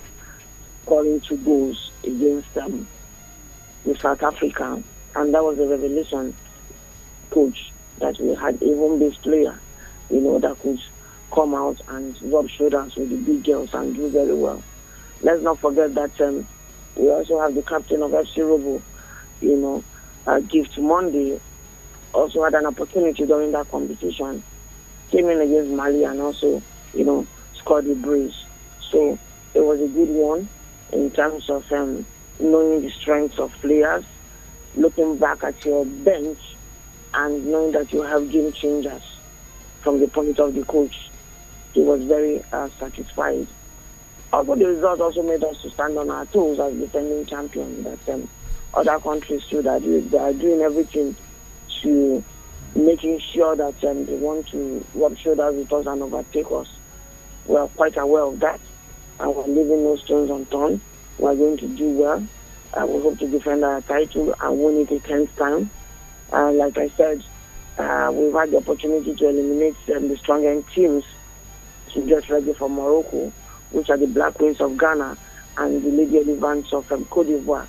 calling two goals against them. Um, in South Africa, and that was a revelation coach that we had even this player, you know, that could come out and rub shoulders with the big girls and do very well. Let's not forget that um, we also have the captain of FC Robo, you know, uh, Gift Monday, also had an opportunity during that competition, came in against Mali and also, you know, scored the brace. So it was a good one in terms of um, knowing the strengths of players, looking back at your bench, and knowing that you have game changers from the point of the coach. He was very uh, satisfied. Although the result also made us to stand on our toes as defending champions. that um, other countries too that they are doing everything to making sure that um, they want to sure shoulders with us and overtake us. We are quite aware of that, and we're leaving no stones unturned. We are going to do well. Uh, we hope to defend our title and win it a 10th time. Uh, like I said, uh, we've had the opportunity to eliminate um, the stronger teams to get ready for Morocco, which are the Black Queens of Ghana and the Lady Elephants of um, Cote d'Ivoire.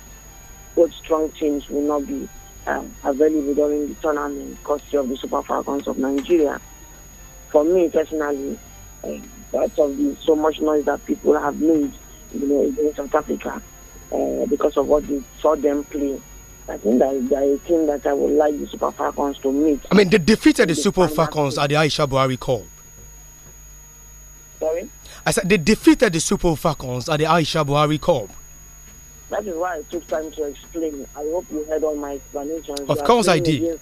Both strong teams will not be um, available during the tournament courtesy of the Super Falcons of Nigeria. For me personally, uh, um, part of the so much noise that people have made you know, against South Africa uh, because of what we saw them play. I think that the team that I would like the Super Falcons to meet. I mean, they defeated the, the Super Falcons at the Aisha Buhari Cup. Sorry? I said they defeated the Super Falcons at the Aisha Buhari Cup. That is why I took time to explain. I hope you heard all my explanations. Of course, I did.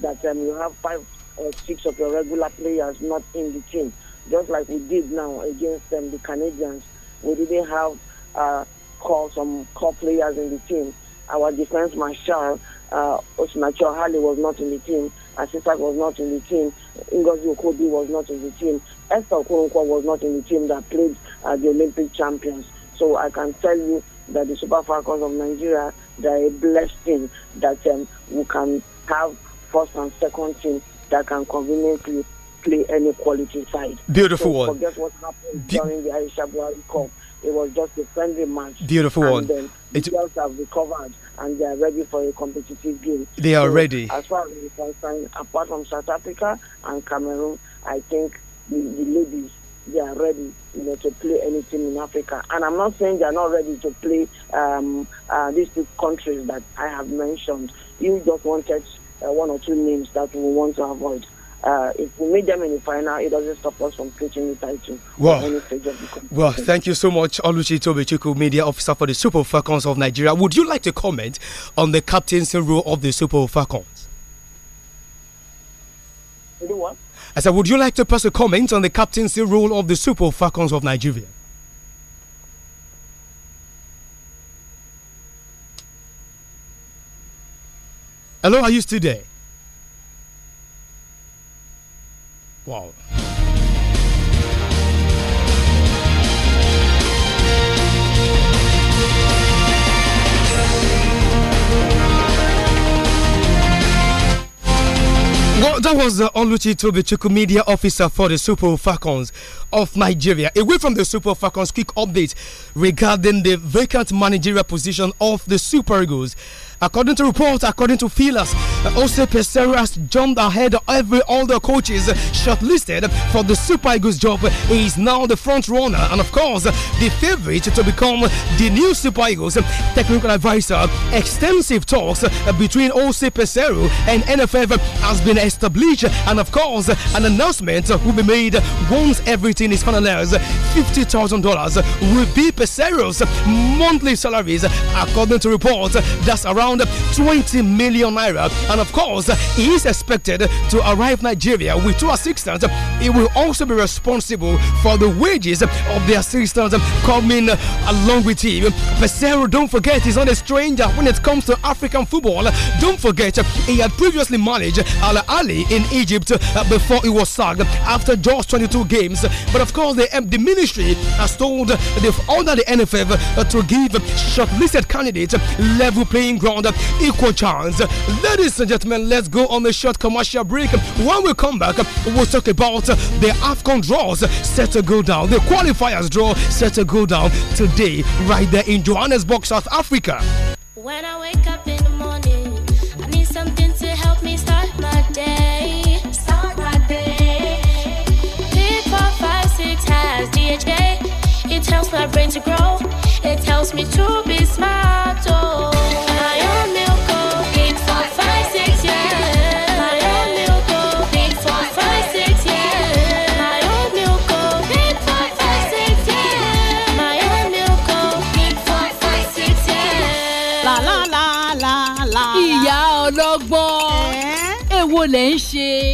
That um, you have five or uh, six of your regular players not in the team, just like we did now against um, the Canadians we didn't have uh, calls core players in the team. Our defense marshal, uh, Osinacho was not in the team. Asisak was not in the team. Ngozi Okobi was not in the team. Esther Okonkwo was not in the team that played uh, the Olympic champions. So I can tell you that the Super Falcons of Nigeria, they are a blessed team that um, we can have first and second team that can conveniently play any quality side. Beautiful so one. Forget what happened Be- during the Aisha Buhari Cup. It was just a friendly match. Beautiful and one. Then it's girls have recovered and they are ready for a competitive game. They are so ready. As far as we concerned, apart from South Africa and Cameroon, I think the, the ladies they are ready you know, to play any team in Africa. And I'm not saying they are not ready to play um, uh, these two countries that I have mentioned. You just wanted uh, one or two names that we want to avoid uh, if we meet them in the final, it doesn't stop us from clinching the title. Well, well, thank you so much, Oluchi Tobichiku, media officer for the Super Falcons of Nigeria. Would you like to comment on the captaincy role of the Super Falcons? Do what? I said, would you like to pass a comment on the captaincy role of the Super Falcons of Nigeria? Hello, are you still there? wall. Well, that was uh, Oluchi Tobichuku, media officer for the Super Falcons of Nigeria. Away from the Super Falcons, quick update regarding the vacant managerial position of the Super Eagles. According to reports, according to feelers, Jose uh, has jumped ahead of every other coaches shortlisted for the Super Eagles job. He is now the front runner and, of course, the favorite to become the new Super Eagles technical advisor. Extensive talks between Jose Pesero and NFF has been established, and, of course, an announcement will be made once everything is finalized. $50,000 will be Pesero's monthly salaries, according to reports. That's around around 20 million naira. And of course, he is expected to arrive Nigeria with two assistants. He will also be responsible for the wages of the assistants coming along with him. Pesero, don't forget, he's not a stranger when it comes to African football. Don't forget, he had previously managed Al Ali in Egypt uh, before he was sacked after just 22 games. But of course, the, um, the ministry has told the have the NFF to give shortlisted candidates level playing ground round equal chance. Ladies and gentlemen, let's go on a short commercial break. When we come back, we'll talk about the AFCON draws set to go down, the qualifiers draw set to go down today, right there in Johannesburg, South Africa. When I wake up in the morning, I need something to help me start my day. Start my day. Pick four, five, six has DHA. It helps my brain to grow. It helps me to gente!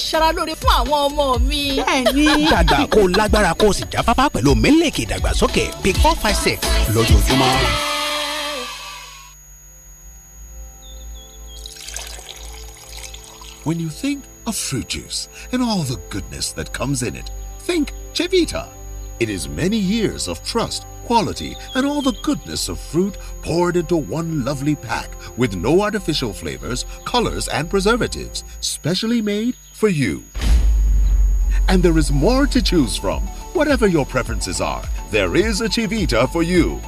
fún àwọn ọmọ mi. bẹ́ẹ̀ni. kó lágbára kó pẹ̀lú mílíkì ìdàgbàsókè big four five six lójoojúmọ́. When you think of fruit juice and all the goodness that comes in it, think Chivita. It is many years of trust, quality, and all the goodness of fruit poured into one lovely pack with no artificial flavors, colors, and preservatives, specially made for you. And there is more to choose from. Whatever your preferences are, there is a Chivita for you.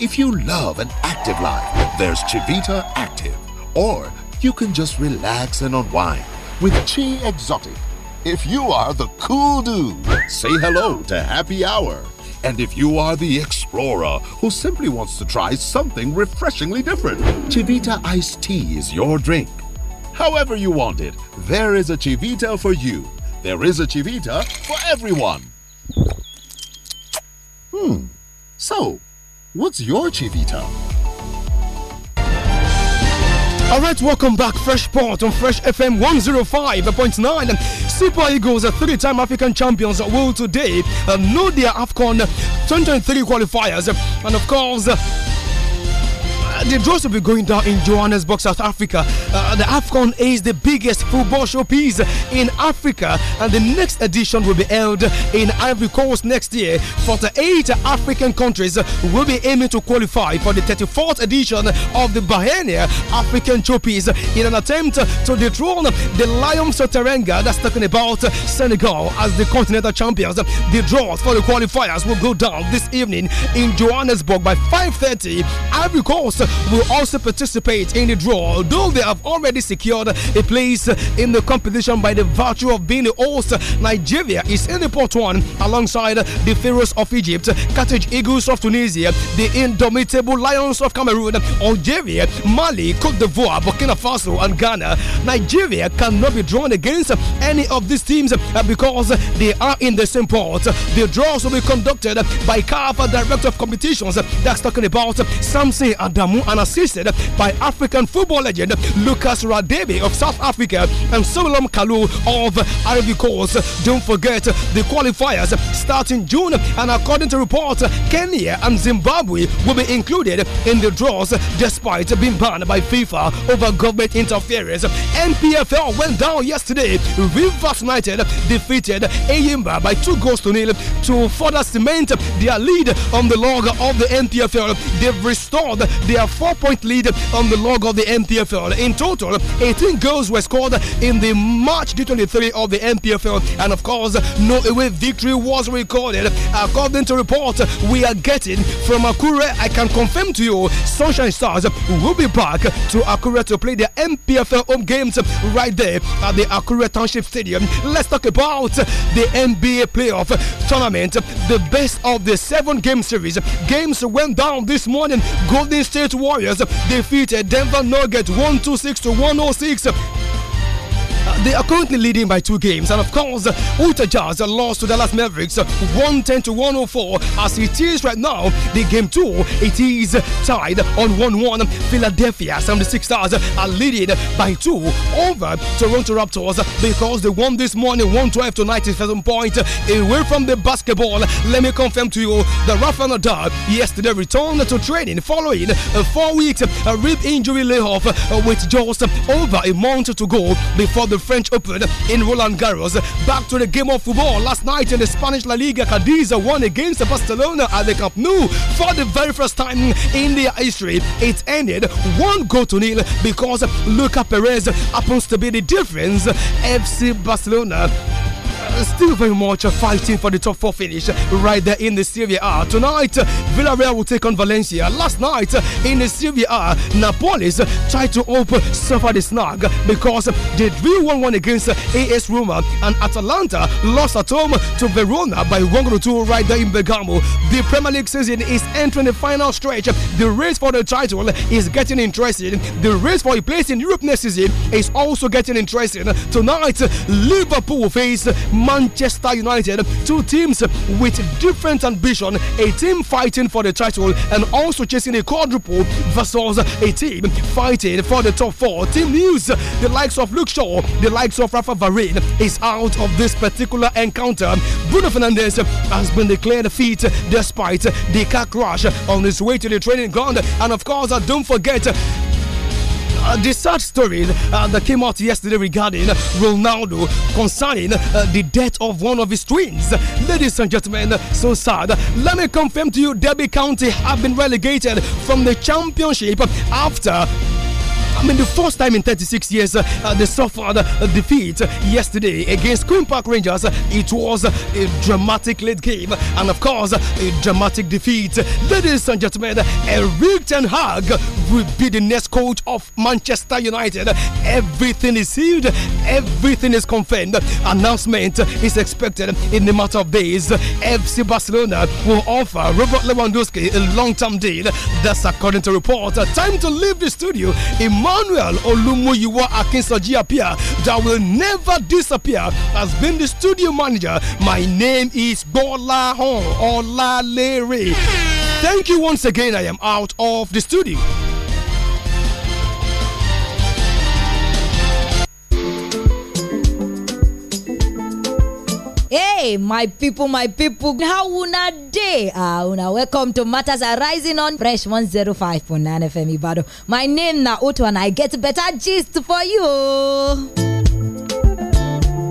If you love an active life, there's Chivita Active. Or you can just relax and unwind with Chi Exotic. If you are the cool dude, say hello to happy hour. And if you are the explorer who simply wants to try something refreshingly different, Chivita Iced Tea is your drink. However you want it, there is a Chivita for you. There is a Chivita for everyone. Hmm. So, what's your Chivita? All right, welcome back. Fresh Port on Fresh FM 105.9. Super Eagles, three-time African champions, will today know their AFCON 2023 qualifiers. And of course, uh, the draws will be going down in Johannesburg, South Africa. Uh, the AFCON is the biggest football showpiece in Africa, and the next edition will be held in Ivory Coast next year. 48 African countries will be aiming to qualify for the 34th edition of the Bahania African Showpiece in an attempt to dethrone the Lions of Terenga that's talking about Senegal as the continental champions. The draws for the qualifiers will go down this evening in Johannesburg by 5.30. Ivory Coast will also participate in the draw, though they have already secured a place in the competition by the virtue of being the host. Nigeria is in the port one alongside the Pharaohs of Egypt, Carthage Eagles of Tunisia, the Indomitable Lions of Cameroon, Algeria, Mali, Cote d'Ivoire, Burkina Faso, and Ghana. Nigeria cannot be drawn against any of these teams uh, because they are in the same port. The draws will be conducted by CAF Director of Competitions. That's talking about Samson Adamu and assisted by African football legend Lucas Radebe of South Africa and Solomon Kalu of Ivory Coast. Don't forget the qualifiers start in June, and according to reports, Kenya and Zimbabwe will be included in the draws despite being banned by FIFA over government interference. NPFL went down yesterday. Rivers United defeated Ayimba by two goals to nil to further cement their lead on the log of the NPFL. They've restored their four point lead on the log of the MPFL. In total, 18 goals were scored in the March D23 of the MPFL, and of course, no away victory was recorded. According to report we are getting from Akure, I can confirm to you, Sunshine Stars will be back to Akure to play their MPFL home games right there at the Akure Township Stadium. Let's talk about the NBA playoff tournament, the best of the seven game series. Games went down this morning. Golden State Warriors defeated Denver Nuggets 126 to 106. Uh, they are currently leading by two games, and of course, Utah Jazz lost to Dallas Mavericks 110 to 104. As it is right now, the game two, it is tied on 1 1. Philadelphia 76ers are leading by two over Toronto Raptors because they won this morning 112 to 97 points away from the basketball. Let me confirm to you the Rafa Nadal yesterday returned to training following a four weeks rib injury layoff with just over a month to go before the French Open in Roland Garros. Back to the game of football last night in the Spanish La Liga, Cadiz won against Barcelona at the Camp Nou for the very first time in their history. It ended one goal to nil because Luca Perez happens to be the difference. FC Barcelona still very much fighting for the top four finish right there in the Serie A. Tonight, Villarreal will take on Valencia. Last night in the Serie A, Napolis tried to hope suffer the snag because they drew 1 1 against AS Roma and Atalanta lost at home to Verona by 1 2 right there in Bergamo. The Premier League season is entering the final stretch. The race for the title is getting interesting. The race for a place in Europe next season is also getting interesting. Tonight, Liverpool face Manchester United. Two teams with different ambition, a team fighting for the title and also chasing a quadruple versus a team fighting for the top four. Team news the likes of Luke Shaw, the likes of Rafa Varane is out of this particular encounter. Bruno Fernandez has been declared fit despite the car crash on his way to the training ground. And of course, don't forget uh, the sad story uh, that came out yesterday regarding Ronaldo concerning uh, the death of one of his twins. Ladies and gentlemen, so sad. Let me confirm to you, Derby County have been relegated from the championship after I mean, the first time in 36 years uh, they suffered defeat yesterday against Queen Park Rangers. It was a dramatic late game and, of course, a dramatic defeat. Ladies and gentlemen, Eric Ten Hag will be the next coach of Manchester United. Everything is sealed, everything is confirmed. Announcement is expected in a matter of days. FC Barcelona will offer Robert Lewandowski a long term deal. That's according to report. Time to leave the studio. In Emmanuel Olumuyiwa Akinsoji appear that will never disappear has been the studio manager. My name is Bola Hon Olalere. Thank you once again. I am out of the studio. Hey, my people, my people, how una day? Ah, una welcome to Matters Arising on Fresh 105.9 FM Ibado. My name na Otu and I get better gist for you.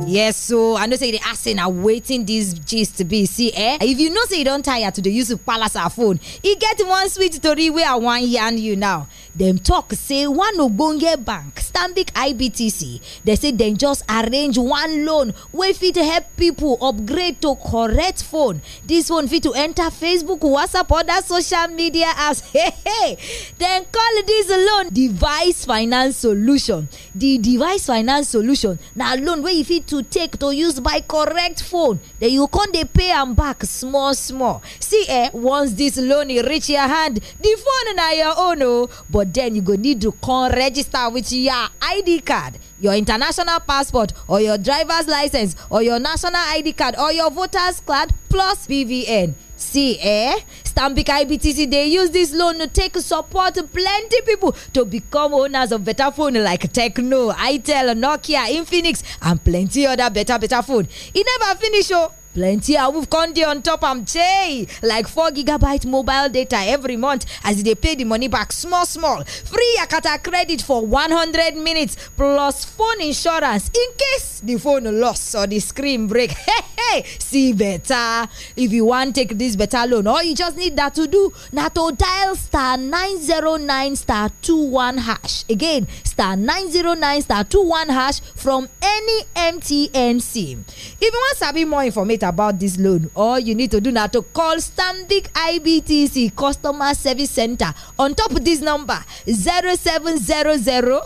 Yes, so I know say they asking are waiting this gist to be see eh. If you know say you don't tire to the use of palace our phone, you get one sweet story where I want yarn you now. dem talk say one ogbonge bank stanbic ibtc dem say dem just arrange one loan wey fit help pipo upgrade to correct phone dis one fit to enter facebook whatsapp other social media apps hey hey dem call dis loan device finance solution di device finance solution na loan wey you fit to take to use buy correct phone den you con dey pay am back small small see eh once dis loan reach your hand di phone na your own o oh. but Then you go need to come register with your id card your international passport or your driver's license or your national id card or your voters card plus BVN. see eh stanbic ibtc they use this loan to take support plenty people to become owners of better phone like techno itel nokia infinix and plenty other better better phone e never finish oh. plenty of con dey on top am tey like four gigabyte mobile data every month as e dey pay di money back small small free yakata credit for one hundred minutes plus phone insurance in case di phone loss or di screen break see beta if you wan take dis beta loan all you just need dat to do na to dial star nine zero nine star two one hash again star nine zero nine star two one hash from any mtn sim if you wan sabi more information elaborate about this loan, all you need to do now to call Stanbic IBTC Customer Service Center on top of this number zero seven zero zero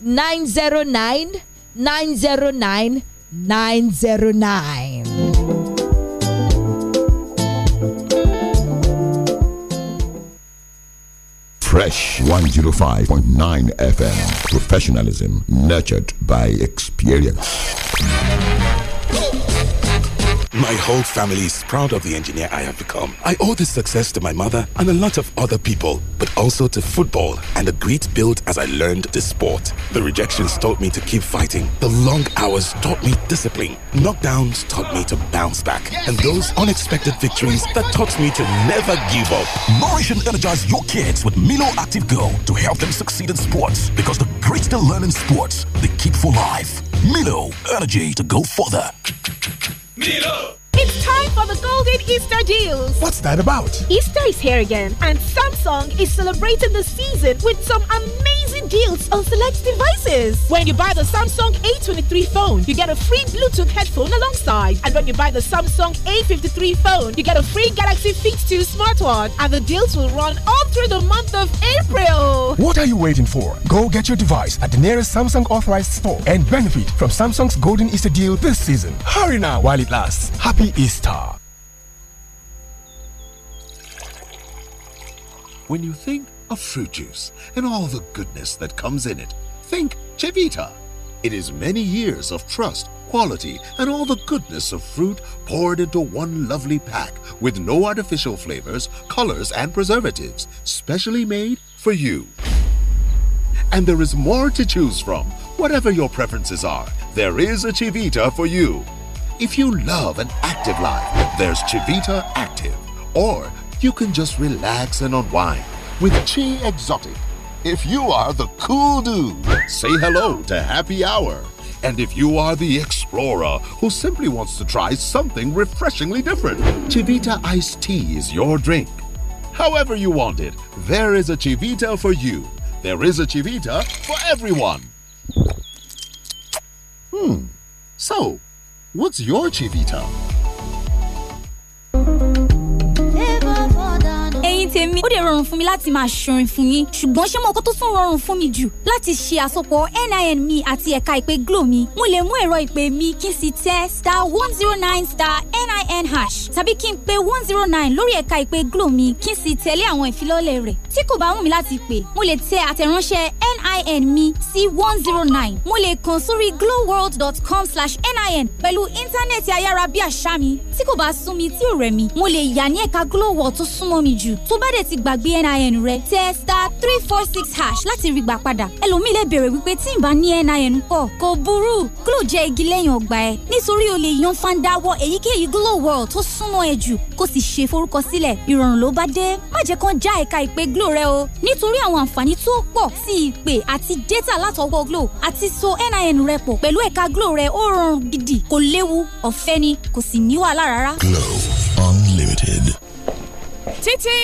nine zero nine nine zero nine nine zero nine. Fresh 105.9 FM. Professionalism nurtured by experience. My whole family is proud of the engineer I have become. I owe this success to my mother and a lot of other people, but also to football and the grit built as I learned the sport. The rejections taught me to keep fighting. The long hours taught me discipline. Knockdowns taught me to bounce back. And those unexpected victories that taught me to never give up. Nourish and energize your kids with Milo Active Go to help them succeed in sports because the grit they learn in sports, they keep for life. Milo, energy to go further. Milo! It's time for the Golden Easter Deals. What's that about? Easter is here again, and Samsung is celebrating the season with some amazing deals on select devices. When you buy the Samsung A23 phone, you get a free Bluetooth headphone alongside. And when you buy the Samsung A53 phone, you get a free Galaxy Fit 2 smartwatch. And the deals will run all through the month of April. What are you waiting for? Go get your device at the nearest Samsung authorized store and benefit from Samsung's Golden Easter Deal this season. Hurry now while it lasts. Happy Easter! When you think of fruit juice and all the goodness that comes in it, think Chivita. It is many years of trust, quality, and all the goodness of fruit poured into one lovely pack with no artificial flavors, colors, and preservatives, specially made for you. And there is more to choose from. Whatever your preferences are, there is a Chivita for you. If you love an active life, there's Chivita Active. Or you can just relax and unwind with Chi Exotic. If you are the cool dude, say hello to Happy Hour. And if you are the explorer who simply wants to try something refreshingly different, Chivita Iced Tea is your drink. However you want it, there is a Chivita for you. There is a Chivita for everyone. Hmm. So, What's your Chivita? ẹ̀yin tèmi ó dẹ̀ rọrùn fún mi láti máa ṣorin fún yín ṣùgbọ́n ṣé mo kó tó tún rọrùn fún mi jù láti ṣe àsopọ̀ NIN mi àti ẹ̀ka ìpè Glo mi mo lè mú ẹ̀rọ ìpè mi kí n sì tẹ star one zero nine star NIN hash tàbí kí n pe one zero nine lórí ẹ̀ka ìpè Glo mi kí n sì tẹ̀lé àwọn ìfilọ́lẹ̀ rẹ̀ tí kò bá wù mí láti pè mo lè tẹ àtẹ̀ránṣẹ́ NIN mi sí one zero nine mo lè kàn sórí glowworld.com slash NIN pẹ̀lú íńtánẹ́ẹ̀tì ayárabíàṣá mi tí kò bá sún mi tí ò rẹ̀ mi mo lè yà ní ẹ̀ka glowworld tó súnmọ́ mi jù tó bá dẹ̀ ti gbàgbé NIN rẹ tẹ three four six hash láti rí gbà padà ẹlòmíì lè béèrè wípé tí n bá ní NIN kọ kò burú glo jẹ́ igi lẹ́yìn ọgbà ẹ nítorí o lè yan fandawọ èyíkéyìí glowworld tó súnmọ́ ẹ jù kó sì ṣe forúkọsílẹ̀ ìrọ̀rùn ló bá dé má jẹ́ kán já ẹ̀ka o nítorí àwọn àǹfààní tó pọ̀ ìp pè àti data látọwọ́ Glo àti so NIN rẹ pọ̀ pẹ̀lú ẹ̀ka Glo rẹ ó rọrùn gidi kò léwu ọ̀fẹ́ ni kò sì ní wàhálà rárá. Glo Unlimited. Titi,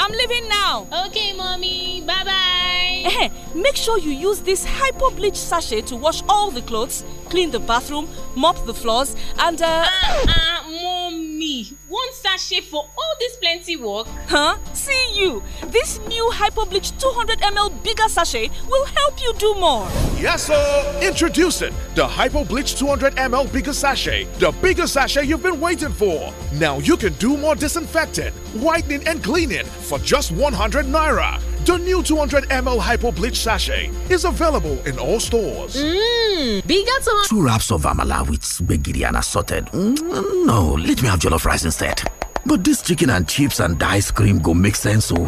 I'm leaving now. Okay, mommy. Bye bye. Make sure you use this hypo bleach sachet to wash all the clothes, clean the bathroom, mop the floors, and uh. Uh, uh, mommy. One sachet for all this plenty work? Huh? See you! This new Hyperbleach 200ml bigger sachet will help you do more. Yes, sir! Introducing the Hyperbleach 200ml bigger sachet, the bigger sachet you've been waiting for. Now you can do more disinfecting, whitening, and cleaning for just 100 naira. The new 200 ml Hypo Bleach sachet is available in all stores. Mmm, bigger Two wraps of amala with spaghetti and assorted. Mm, no, let me have jollof rice instead set. But this chicken and chips and ice cream go make sense, oh.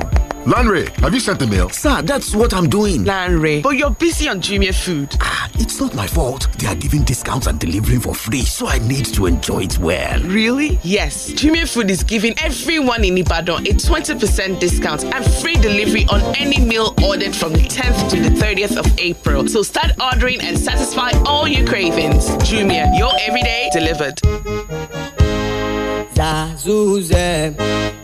Lanre, have you sent the mail? Sir, that's what I'm doing. Lanre, but you're busy on Jumia Food. Ah, it's not my fault. They are giving discounts and delivering for free, so I need to enjoy it well. Really? Yes. Jumia Food is giving everyone in Ibadan a 20% discount and free delivery on any meal ordered from the 10th to the 30th of April. So start ordering and satisfy all your cravings. Jumia, your everyday delivered za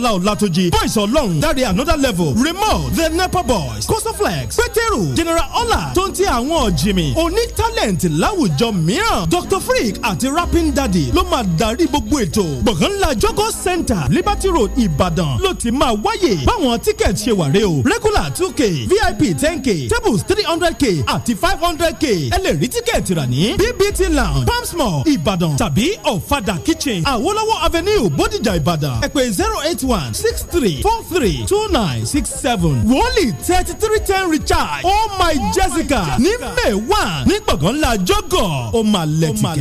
Dàmọ́lá Ọlátúnjí boys ọlọ́run dáre another level remote the nepa boys kosoflex pétérù general Ola. tó ń ti àwọn Jimmy. oní talent láwùjọ mìíràn dr freak àti rapping daddy ló máa darí gbogbo ètò gbọ̀ngànlá jogo center liberty road ìbàdàn ló ti máa wáyè báwọn tíkẹ́ẹ̀tì ṣe wà rè o regular 2 k vip 10 k tables 300 k àti five hundred k ẹ lè rí tíkẹ́ẹ̀tì rà ní bbt lounge palms mall ìbàdàn tàbí ọ̀fadà kitchen àwọlọ́wọ́ avenue bódìjà ìbàdàn ẹ pè zero eight Oh one six three four three two nine six seven wọ́ọ̀lì thirty three ten recharge oh my oh jessica ní may one ní gbọ̀ngàn ńlá jọ́gọ̀ ó máa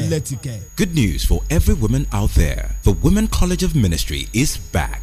lẹ́tìkẹ́. Good news for every woman out there. The Women College of Ministry is back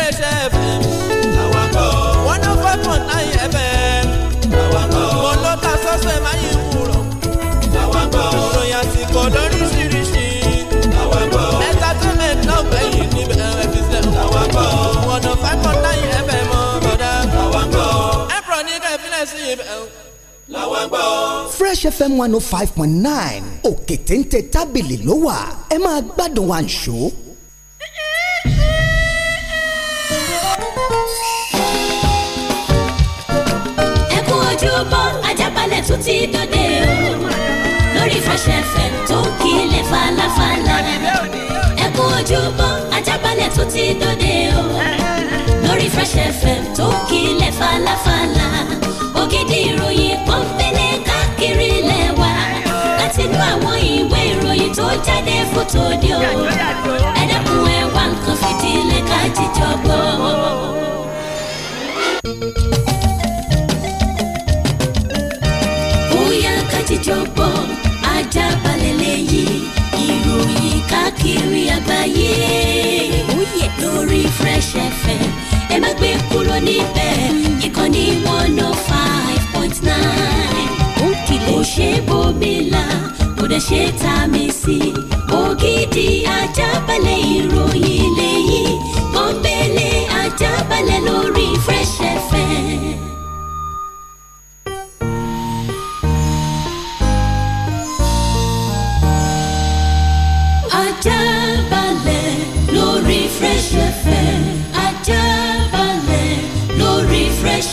fresh fm. àwàkọ́. one oh five point nine fm. àwàkọ́. mo ló ta sọ́sẹ̀ máa yí wúrọ̀. àwàkọ́. ìròyìn àsìkò lóríṣiríṣi. àwàkọ́. entertainment náà gbẹ̀yìn níbẹ̀ ẹ̀ fi sẹ́. àwàkọ́. one oh five point nine fm bọ̀dá. àwàkọ́. ẹ̀pọ̀ ní kẹ́fílẹ̀ fresh fm one oh five point nine òkè téńté tábìlì ló wà ẹ máa gbádùn wa ṣó. ojúbọ ajábalẹ̀ tún ti dòde o lórí fẹsẹ̀fẹ̀ tó ń kílẹ̀ falafala ẹ kú ojúbọ ajábalẹ̀ tún ti dòde o lórí fẹsẹ̀fẹ̀ tó ń kílẹ̀ falafala ògidì ìròyìn pọ́npẹ́lẹ́ káàkiri lẹ́wà láti inú àwọn ìwé ìròyìn tó jáde fótó di o ẹ dẹ́kun nǹkan fìdílé ká káàkiri àgbáyé lórí Fresh FM ẹ má gbé kúrò níbẹ̀ ìkànnì one oh five point nine kò ṣe bòmílà kò dẹ̀ ṣe tá a mi sí ògidì ajábalẹ̀ ìròyìn lẹ́yìn gbọ̀ngbẹ̀lẹ̀ ajábalẹ̀ lórí Fresh FM.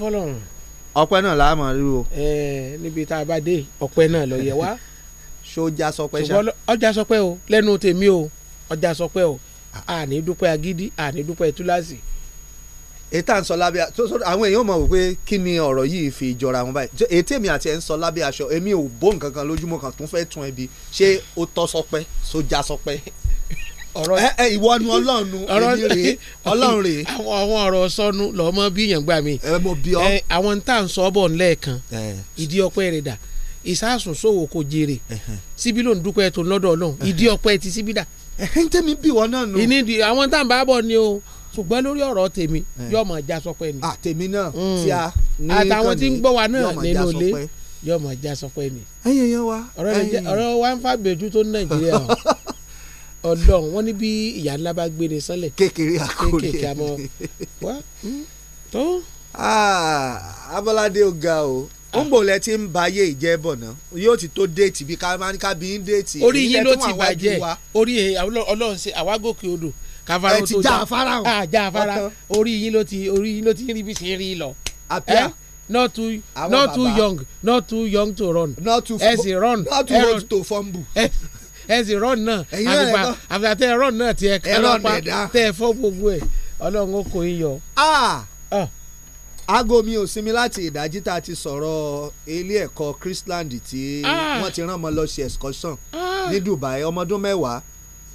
fọlọ́run. ọpẹ́ náà láàmú rí o. ẹẹ níbi tá a bá dé ọpẹ́ náà lọ yẹ wá. sójà sọpẹ́ ṣá. ọjà sọpẹ́ o lẹ́nu tèmi o ọjà sọpẹ́ o àní dúpẹ́ agídí àní dúpẹ́ túláàsì. ètò à ń sọ lábẹ́ àwọn èèyàn mọ̀ wípé kí ni ọ̀rọ̀ yìí fi jọra wọn báyìí ètò èmi àti ẹ̀ ń sọ lábẹ́ aṣọ èmi ò bó nǹkan kan lójúmọ́ kan tún fẹ́ tún ẹbí ṣé ó tọ́ sọpẹ́ sójà sọpẹ́ ọ̀rọ̀ ẹ ìwọ nu ọlọ́run nu èmi rèé ọlọ́run rèé. àwọn ọ̀rọ̀ sọnù lọ́mọ bí yàn gbà mí. ẹ mo bí ọ. àwọn tá à ń sọ bọ̀ ńlẹ́ẹ̀kan ìdí ọpẹ́ rẹ̀ dà ìsásùn sòwò kò jèrè síbí ló ń dúpẹ́ tó lọ́dọ̀ ọlọ́run ìdí ọpẹ́ ti síbí dà. ẹ ń tẹ́mi bí wọn náà nù. ìnídìí àwọn tá à ń bá bọ̀ ni o ṣùgbọ́n lórí ọ̀rọ̀ tèmi yóò máa já sọpẹ́ ni. àtèmi náà mm. tí a ní kàn ní àtàwọn tí ń gbọ́ wa náà nínú ilé yóò máa sọpẹ́ ni. ẹ̀yin yẹn wa. ọ̀rọ̀ wa ń fàgbẹ́jú tó ní nàìjíríà Ọlọ́run wọn ní bí ìyá ńlá bá gbé ni sánlẹ̀ kékeré àkórè kékeré àmọ́ wá hmm, tó. Ah, Abọ́ládé ó ga o ó ń bò lẹ ti ń bayé ìjẹ́bọ̀ náà yóò ti tó déètì bí ká máa ní ká bí ń déètì orí yín ló ti bàjẹ́ orí Ọlọ́run ṣe àwa odò káfáró tó já afárá o já afárá orí yín ló ti orí yín ló ti rí bí ṣe rí lọ. àpẹ́ eh? not too not too young not too young to run. not too ẹ run. not too old to fumble. Eh? ẹ sì rọ́ọ̀nù náà àgbà àgbà tẹ rọ́ọ̀nù náà tiẹ̀ kálápá tẹ fọ́ gbogbo ẹ̀ ọlọ́run ó kò í yọ. aago mi ò sinmi láti ìdájí tá a ti sọ̀rọ̀ ilé ẹ̀kọ́ Christland tí wọ́n ti rán ọmọ lọ ṣe excursion ní Dubai ọmọdún mẹ́wàá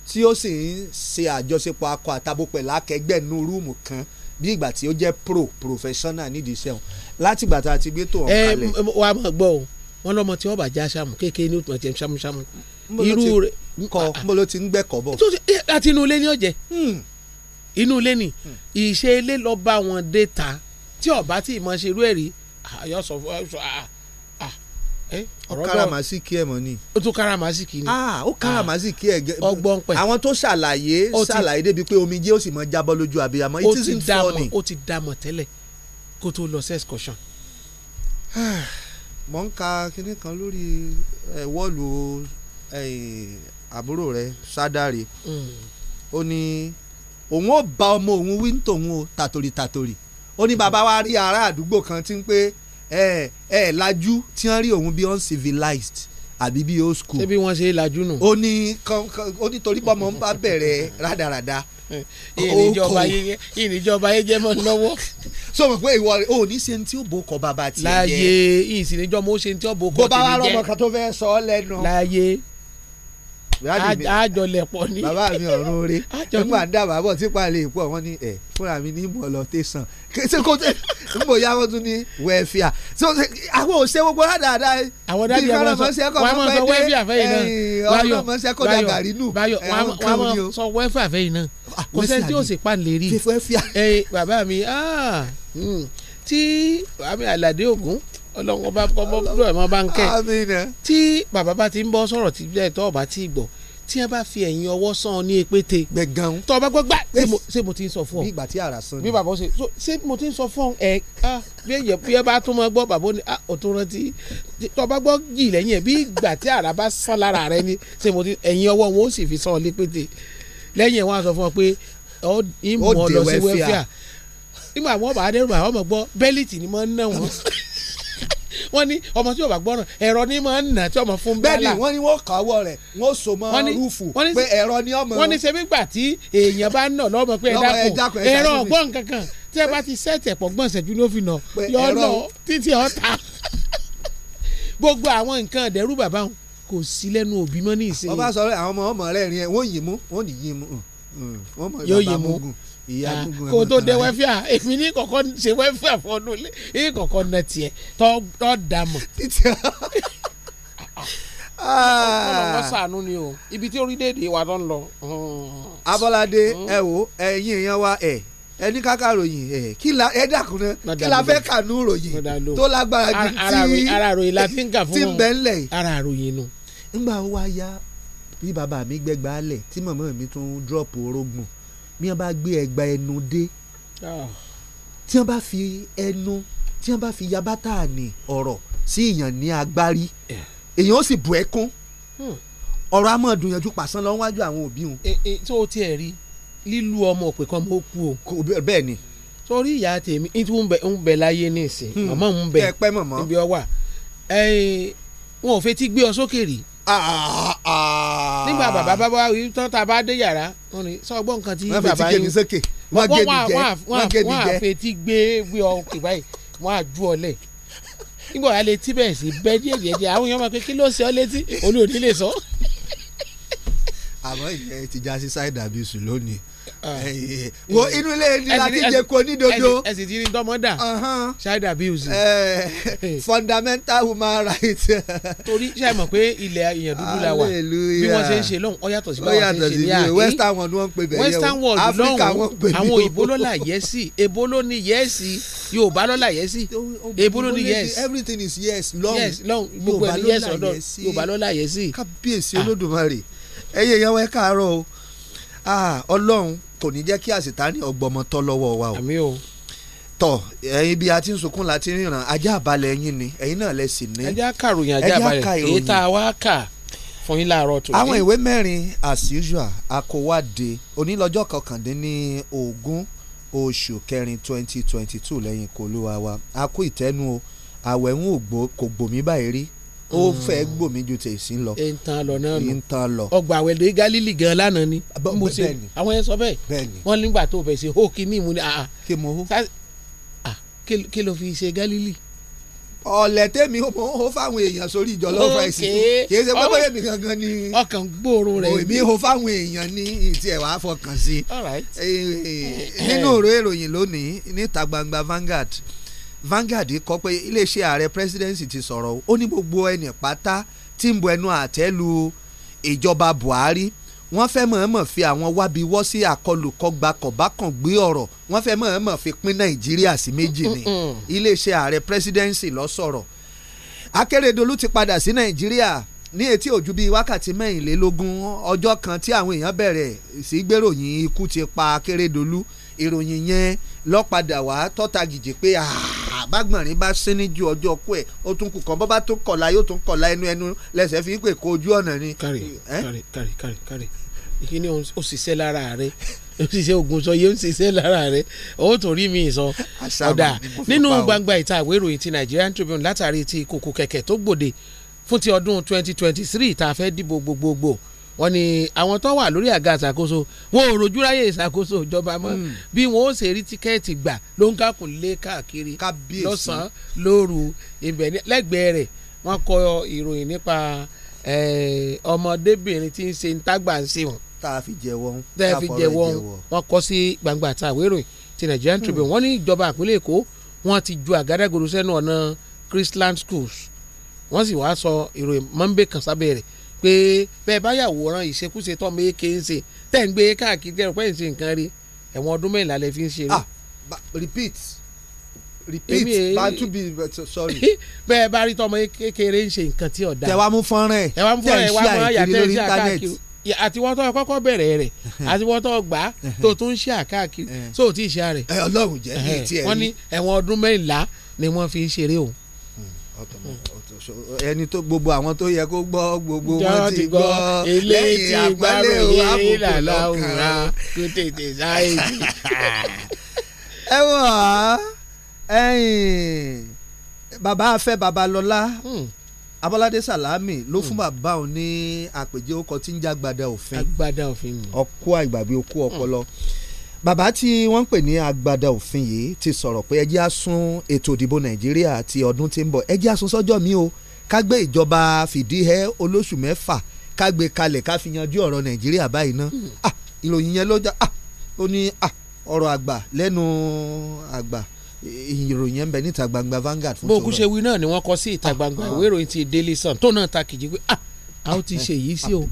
tí ó sì ń ṣe àjọṣepọ̀ akọ àtabo pẹ̀lú akẹgbẹ́ inú rúùmù kan bí ìgbà tí ó jẹ́ pro professional nídìí iṣẹ́ wọn láti ìgbà tá a ti gbé tó kalẹ̀. ẹ wàá mọ̀ gbọ́ o wọn lọ́mọ tí wọ́n bá já sáàmù kéèké ní òtún ọ̀tí sáàmù irú rẹ kọ ah, ah. mo ló ti ń gbẹ́kọ̀ bọ̀. Eh, láti inú ilé ni ọ̀jẹ̀ hmm. inú ilé ni hmm. ìṣe ilé lọ bá wọn dé ta tí ọba tí ìmọ̀ ṣe irú ẹ̀ rí ayọ̀ ah, sọ fún ẹ ó karamasiki ẹ mọ ni. ó tún karamasiki ni. ah ó karamasiki ẹ gẹ. ọgbọ́n pẹ̀. àwọn tó ṣàlàyé ṣàlàyé débi pé omijé ó sì mọ jábọ́ lójú abiyamọ it isn't funny. ó ti dààmú tẹ́lẹ̀ kó tó lọ sí excursion. mo ń ka kinní kan lórí eh, wọ́ọ̀lù àbúrò rẹ̀ sádàrí mm. ó ní òun ó bá ọmọ òun wí tòun o tàtòrì tàtòrì ó ní bàbá wa rí ará àdúgbò kan tí ń pé ẹ ẹ lajú tí wọ́n rí òun bí uncivilized àbí bí old school. ṣé bí wọ́n ṣe é lajú nù. ó ní ó ní torí bọ́mọ ń bá bẹ̀rẹ̀ rádaràda. ìníjọba yẹyẹ ìníjọba yẹyẹ mọ́ lọ́wọ́. sọ ma pé ìwọ rẹ ò ní ṣe tí ó bò kọ bàbá tiẹ̀ jẹ́. láàyè ìsìnìjọba ó ṣe tí ó bò kọ tèmi jẹ́. bó bá wà lọ́mọ kan tó fẹ́ sọ ọ́ lẹ́nu. láàyè àjọlẹ̀pọ̀ ni. bàbá mi ọ̀run oore nípa dábàá bọ̀ sípa lè pọ̀ wọ́n ní ẹ̀ fúnra mi ní mọ̀ lọ tẹ̀sán ṣé kò tẹ̀ níbo ya wọ́n tún ní wẹ́fíà ṣé àwọn òṣè gbogbo rà dáadáa àwọn dájú àwọn sọ wọn máa sọ wẹ́fíà fẹ́yìn náà ọ̀rọ̀ máa sẹ́ kọ́ dàgbà rínú ẹ̀rọ kan ni o. sọ wẹ́fíà fẹ́yìn náà ah, kò sẹ́ tí ó sì pa lè rí bàbá mi ah, hmm. tí àmì àlàdé ògún ọlọ́run ọba kọ́mọ́ lọ́ọ̀ ẹ̀ mọ́ bá ń kẹ́ tí bàbá bá ti ń bọ́ sọ̀rọ̀ tí bẹ́ẹ̀ tọ́ ọba ti gbọ́ tí ẹ bá fi ẹ̀yìn ọwọ́ sàn ní epete. gbẹ̀gàn. tọ́ ọba gbọ́gbà ṣé mo ti ń sọ fún ọ. bí ìgbà tí ara sàn ni. bí bàbá ṣe so ṣé mo ti ń sọ fún ọ ẹ ká bí èyàn bí ẹ bá tún mọ gbọ́ bàbá ni ó tún rántí tọ́ ọba gbọ́ jì lẹ́yìn ẹ̀ bí ìgbà tí ara bá sàn lára rẹ ni ṣé mo ti ẹ̀yìn ọwọ́ wọn ó sì fi sàn ní epete lẹ́yìn ẹ̀ wọ́n á sọ fún ọ pé ìmọ̀ ọ lọ sí wẹ́fíà nígbà wọn bá dẹ́rù wọ́n ní ọmọ tí yóò bá gbọ́ràn ẹ̀rọ ni máa ń nà tí ọmọ fún bẹ́ẹ̀ ni wọ́n ní wọ́n kàwọ́ rẹ̀ wọ́n so mọ́ rúfù pé ẹ̀rọ ni ọmọ. wọ́n ní ṣe nígbà tí èèyàn bá nà lọ́mọ pé ẹ dákun ẹ̀rọ ọgbọ́n kankan tí ẹ bá ti sẹ́ẹ̀tì ẹ̀pọ̀ gbọ́n ṣẹ́jú ló fi nà yọ̀ọ́nà títí ọ̀tá gbogbo àwọn nǹkan ẹ̀dẹ́rú bàbá wọn kò sí lẹ́nu òbí mọ́ ní ìsìn. wọ́n sọ Ah, kò tó dé wẹ́fíà ah, èmi ní kọ̀kọ́ ṣe wẹ́fíà fọdún ní kọ̀kọ́ ná tiẹ̀ tọ́ da mọ̀. Ah, ọlọ́mọ ṣàánú ni o ibi tí orílẹ̀-èdè wa tó lọ. Abọ́ládé mm. ẹ wo ẹ̀yin èèyàn wa ẹ̀ ẹni káka ròyìn ẹ kí la ẹ dàkún náà kí la fẹ́ kànú ròyìn tó lágbára ju ti ara ròyìn la fi ń kà fún wọn ti bẹ́ńlẹ̀ yìí ara ròyìn nu. ńgbà wo wá ya bí bàbá mi gbẹgbàá lẹ̀ tí màmá mi tún dúrọ́ọ̀pù orógùn bí wọ́n bá gbé ẹ̀gbà ẹnu dé ah. tí wọ́n bá fi ẹnu tí wọ́n bá fi yabátà ní ọ̀rọ̀ sí èèyàn ní agbárí eh. èèyàn ó sì bù ẹ́ kún hmm. ọ̀rọ̀ a máa dùnyànjú pàṣán lọ wájú àwọn òbí wọn. tó eh, eh, o tiẹ̀ rí lílu ọmọ òpè kan mo kú o. bẹ́ẹ̀ ni. sórí ìyá tèmi ní tí ń bẹ láyé ní ìsìn hmm. màmá ń bẹ níbi ọwà wọn ò fetí gbé ọ sókè rí Ah, ah, ah. nígbà bàbá bá wá wí tán tá a bá dé yàrá wọn ni sọ gbọ́ nǹkan tí bàbá yín wọ́n gé mi jẹ́ wọ́n gé mi jẹ́ wọ́n àfetí gbé gbé ọ ìgbà yìí wọ́n àjú ọ lẹ̀ nígbà wà létí bẹ́ẹ̀ sí bẹ́ẹ̀ díẹ̀ díẹ̀ díẹ̀ àwọn èèyàn máa pé kí ló ṣe ọ létí olú ò ní lè sọ. àmọ́ ìyẹn ti já sí ṣáìdà bíi sùn lónìí wo inú ilé ni láti jẹ dodo. nídodo. ẹ sì ti rí tọmọdà child abuse. Eh, fundamental human rights. torí ṣe mọ̀ pé ilẹ̀ èèyàn dúdú la wà bí wọ́n ṣe ń ṣe lọ́hùn ó yàtọ̀ sí bí wọ́n ṣe ń ṣe ní àgbẹ̀. western world wọ́n ń pè bẹ́ẹ̀ yẹn o africa wọ́n ń pè bẹ́ẹ̀ yẹn o. àwọn òyìnbó lọ́la yẹ́sì èbó ló ní yẹ́sì yorùbá lọ́la yẹ́sì èbó ló ní yẹ́sì. everything is yes long gbogbo ẹni yẹ́sì ọ̀dọ̀ yorùbá lọ́la yẹ́sì. kábíyèsí ah. olódùmarè ẹ̀yẹ̀ yẹn wẹ́ káàárọ̀ o Ah, ọlọ́run kò ní jẹ́ kí àṣetánì ọgbọ́mọ tọ́ lọ́wọ́ wa o. àmì o tọ ẹyin bí a ti ń sunkún láti ríran ajá àbálẹ̀ ẹyin ni ẹyin náà lẹ sì ní. ẹjá kàròyìn ajá àbálẹ̀ èyí tá a wá kà fún yín láàárọ̀ tó. àwọn ìwé mẹ́rin as usual akówádé onílọ́jọ́ kọkàndínní ogún oṣù kẹrin twenty twenty two lẹ́yìn kòlúwa wa a kó ìtẹ́nu o àwẹ̀ ń kò gbòmí báyìí rí ó fẹ́ gbòmí ju tèsí lọ. e ń tan lọ náà nù e ń tan lọ. ọgbà àwẹ̀dẹ Galili gan lánàá ni. mo ṣe àwọn yẹn sọ bẹ́ẹ̀ bẹ́ẹ̀ni wọ́n nígbà tó fẹ́ ṣe ó kí ní ìmúni. Ah, ah. kí mo hó. Ah, kí ló fi ṣe Galili ọ̀lẹ̀ tẹ́mi ó fáwọn èèyàn sórí ìjọ lọ́wọ́ ẹ̀sìn kì í ṣe pé bóyá èmi gangan ni ọkàn gbòòrò rẹ̀ èmi ó fáwọn èèyàn ní ìtì ẹ̀wà fọkàn sí eh, eh, nínú ìró eh, ìròyìn lónìí níta Vanguard kọ pé iléeṣẹ́ ààrẹ presidency ti sọ̀rọ̀ ó ní gbogbo ẹnì pátá tí ń bu ẹnu àtẹ́ lu ìjọba Buhari wọ́n fẹ́ mọ̀ọ́mọ̀ fi àwọn wábiwọ́ sí àkọlùkọgba kọ̀bákan gbé ọ̀rọ̀ wọ́n fẹ́ mọ̀ọ́mọ̀ fi pín Nàìjíríà sí méjì ni iléeṣẹ́ ààrẹ presidency lọ sọ̀rọ̀ Akérèdọ́lù ti padà sí Nàìjíríà ní etí òjú bíi wákàtí mẹ́rìnlélógún ọjọ́ kan tí àwọn èèyàn bẹ̀rẹ̀ sí gbèròyìn ikú ti pa Akérèdọ́lù ìròyìn yẹn lọ́padà wá tọ́ta gìjì pé aah àbágbọ̀nrín bá sí ní ju ọjọ́ kú ẹ̀ ó tún kù kàn bọ́ bá tó kọ̀la yóò tún kọ̀la ẹnu ẹnu lẹ́sẹ̀ fi pè kó ojú ọ̀nà ni. kárì eh? kárì kárì kárì kárì ìkíní ó ṣiṣẹ́ lára rẹ̀ ó ṣiṣẹ́ ogun sọ yé ó ṣiṣẹ́ lára rẹ̀ ó tó rí mi sọ ọ̀dà nínú gbangba ìta ìwé ìròyìn ti Nigerian Tribune látàrí ti ìkòkò kẹ̀kẹ́ tó gbòde fún ti ọdún 2023 tá a fẹ́ dìbò gbogbogbò wọ́n ní àwọn tó wà lórí àga ìṣàkóso wọn ò rojú ráyè ìṣàkóso ìjọba mọ́ hmm. bí wọn ó ṣe rí tíkẹ́ẹ̀tì gbà ló ń kákùn lé káàkiri lọ́sàn-án lóru ibẹ̀ lẹ́gbẹ̀ẹ́ rẹ̀ wọ́n kọ ìròyìn nípa ọmọdébìnrin tí ń ṣe ń tágbà ń ṣe wọn. tá a fi jẹ wọn. tá a fi jẹ wọn wọn kọ sí gbangba àtàwé ìròyìn ti Nigerian hmm. Tribune wọ́n ní ìjọba àpínlẹ̀ Èkó wọ́n ti ju àgádágodo sẹ́nu ọ̀nà Christland schools wọ́n sì wá sọ ìròyìn mọ́ńbé kan sábẹ́ rẹ̀ pé bẹ́ẹ̀ bá yàwòrán ìṣekúṣe tọ́mọ èké ń ṣe tẹ̀ ń gbé e káàkiri dẹ́rù pẹ́ ń nǹkan rí ẹ̀wọ̀n ọdún mẹ́rìnlá lẹ fi ń ṣe rí. ah repeat repeat bantu bi sorry. bẹ́ẹ̀ bá rí tọ́mọ kékeré ń ṣe nǹkan tí ọ̀dà. tẹ wá mú fọ́nrán ẹ̀ tẹ wá mú fọ́nrán ẹ̀ wá mọ́ tó kọ́kọ́ bẹ̀rẹ̀ rẹ̀ àti tó gbà á tó tún ń ṣe àkáàkiri tó eh. ti ṣe rẹ̀. Eh, ọlọ́run jẹ́ ní ti ẹ̀rí. wọ́n ní ẹ̀wọ̀n ọdún mẹ́rìnlá ni wọ́n fi ń ṣeré òun ẹni tó gbogbo àwọn tó yẹ kó gbọ́ gbogbo wọn ti gbọ́ lẹ́yìn àgbálẹ̀ o àbùkù lọ́kàn kó tètè sáyẹ̀dì. ẹ wọ́n á ẹ̀yìn bàbá afẹ́ babalọ́lá hmm. abọ́ládé sàlámì ló fún hmm. bàbá òun ní àpèjẹ ọkọ̀ tí ń jẹ́ agbada òfin agbada àgbàgbé ọkọ̀ ọpọlọ. Mm bàbá tí wọ́n ń pè ní agbada òfin yìí ti sọ̀rọ̀ pé ẹ jẹ́ àsun ètò ìdìbò nàìjíríà ti ọdún tí ń bọ̀ ẹ jẹ́ àsun sọ́jọ́ mi o ká gbé ìjọba fìdíhẹ́ olóṣù mẹ́fà ká gbé kalẹ̀ ká fi yanjú ọ̀rọ̀ nàìjíríà báyìí ná hmm. ah, ìròyìn yẹn ló já ah, ó ní ah, ọ̀rọ̀ àgbà lẹ́nu àgbà ìròyìn yẹn ń bẹ níta gbangba Vanguard fún tòun. bó ṣe wí náà ni wọ́n kọ sí ìta gbangba ìwé ìròyìn ti Daily Sun tó náà ta kìjì pé ah a ó ti ṣe yìí sí o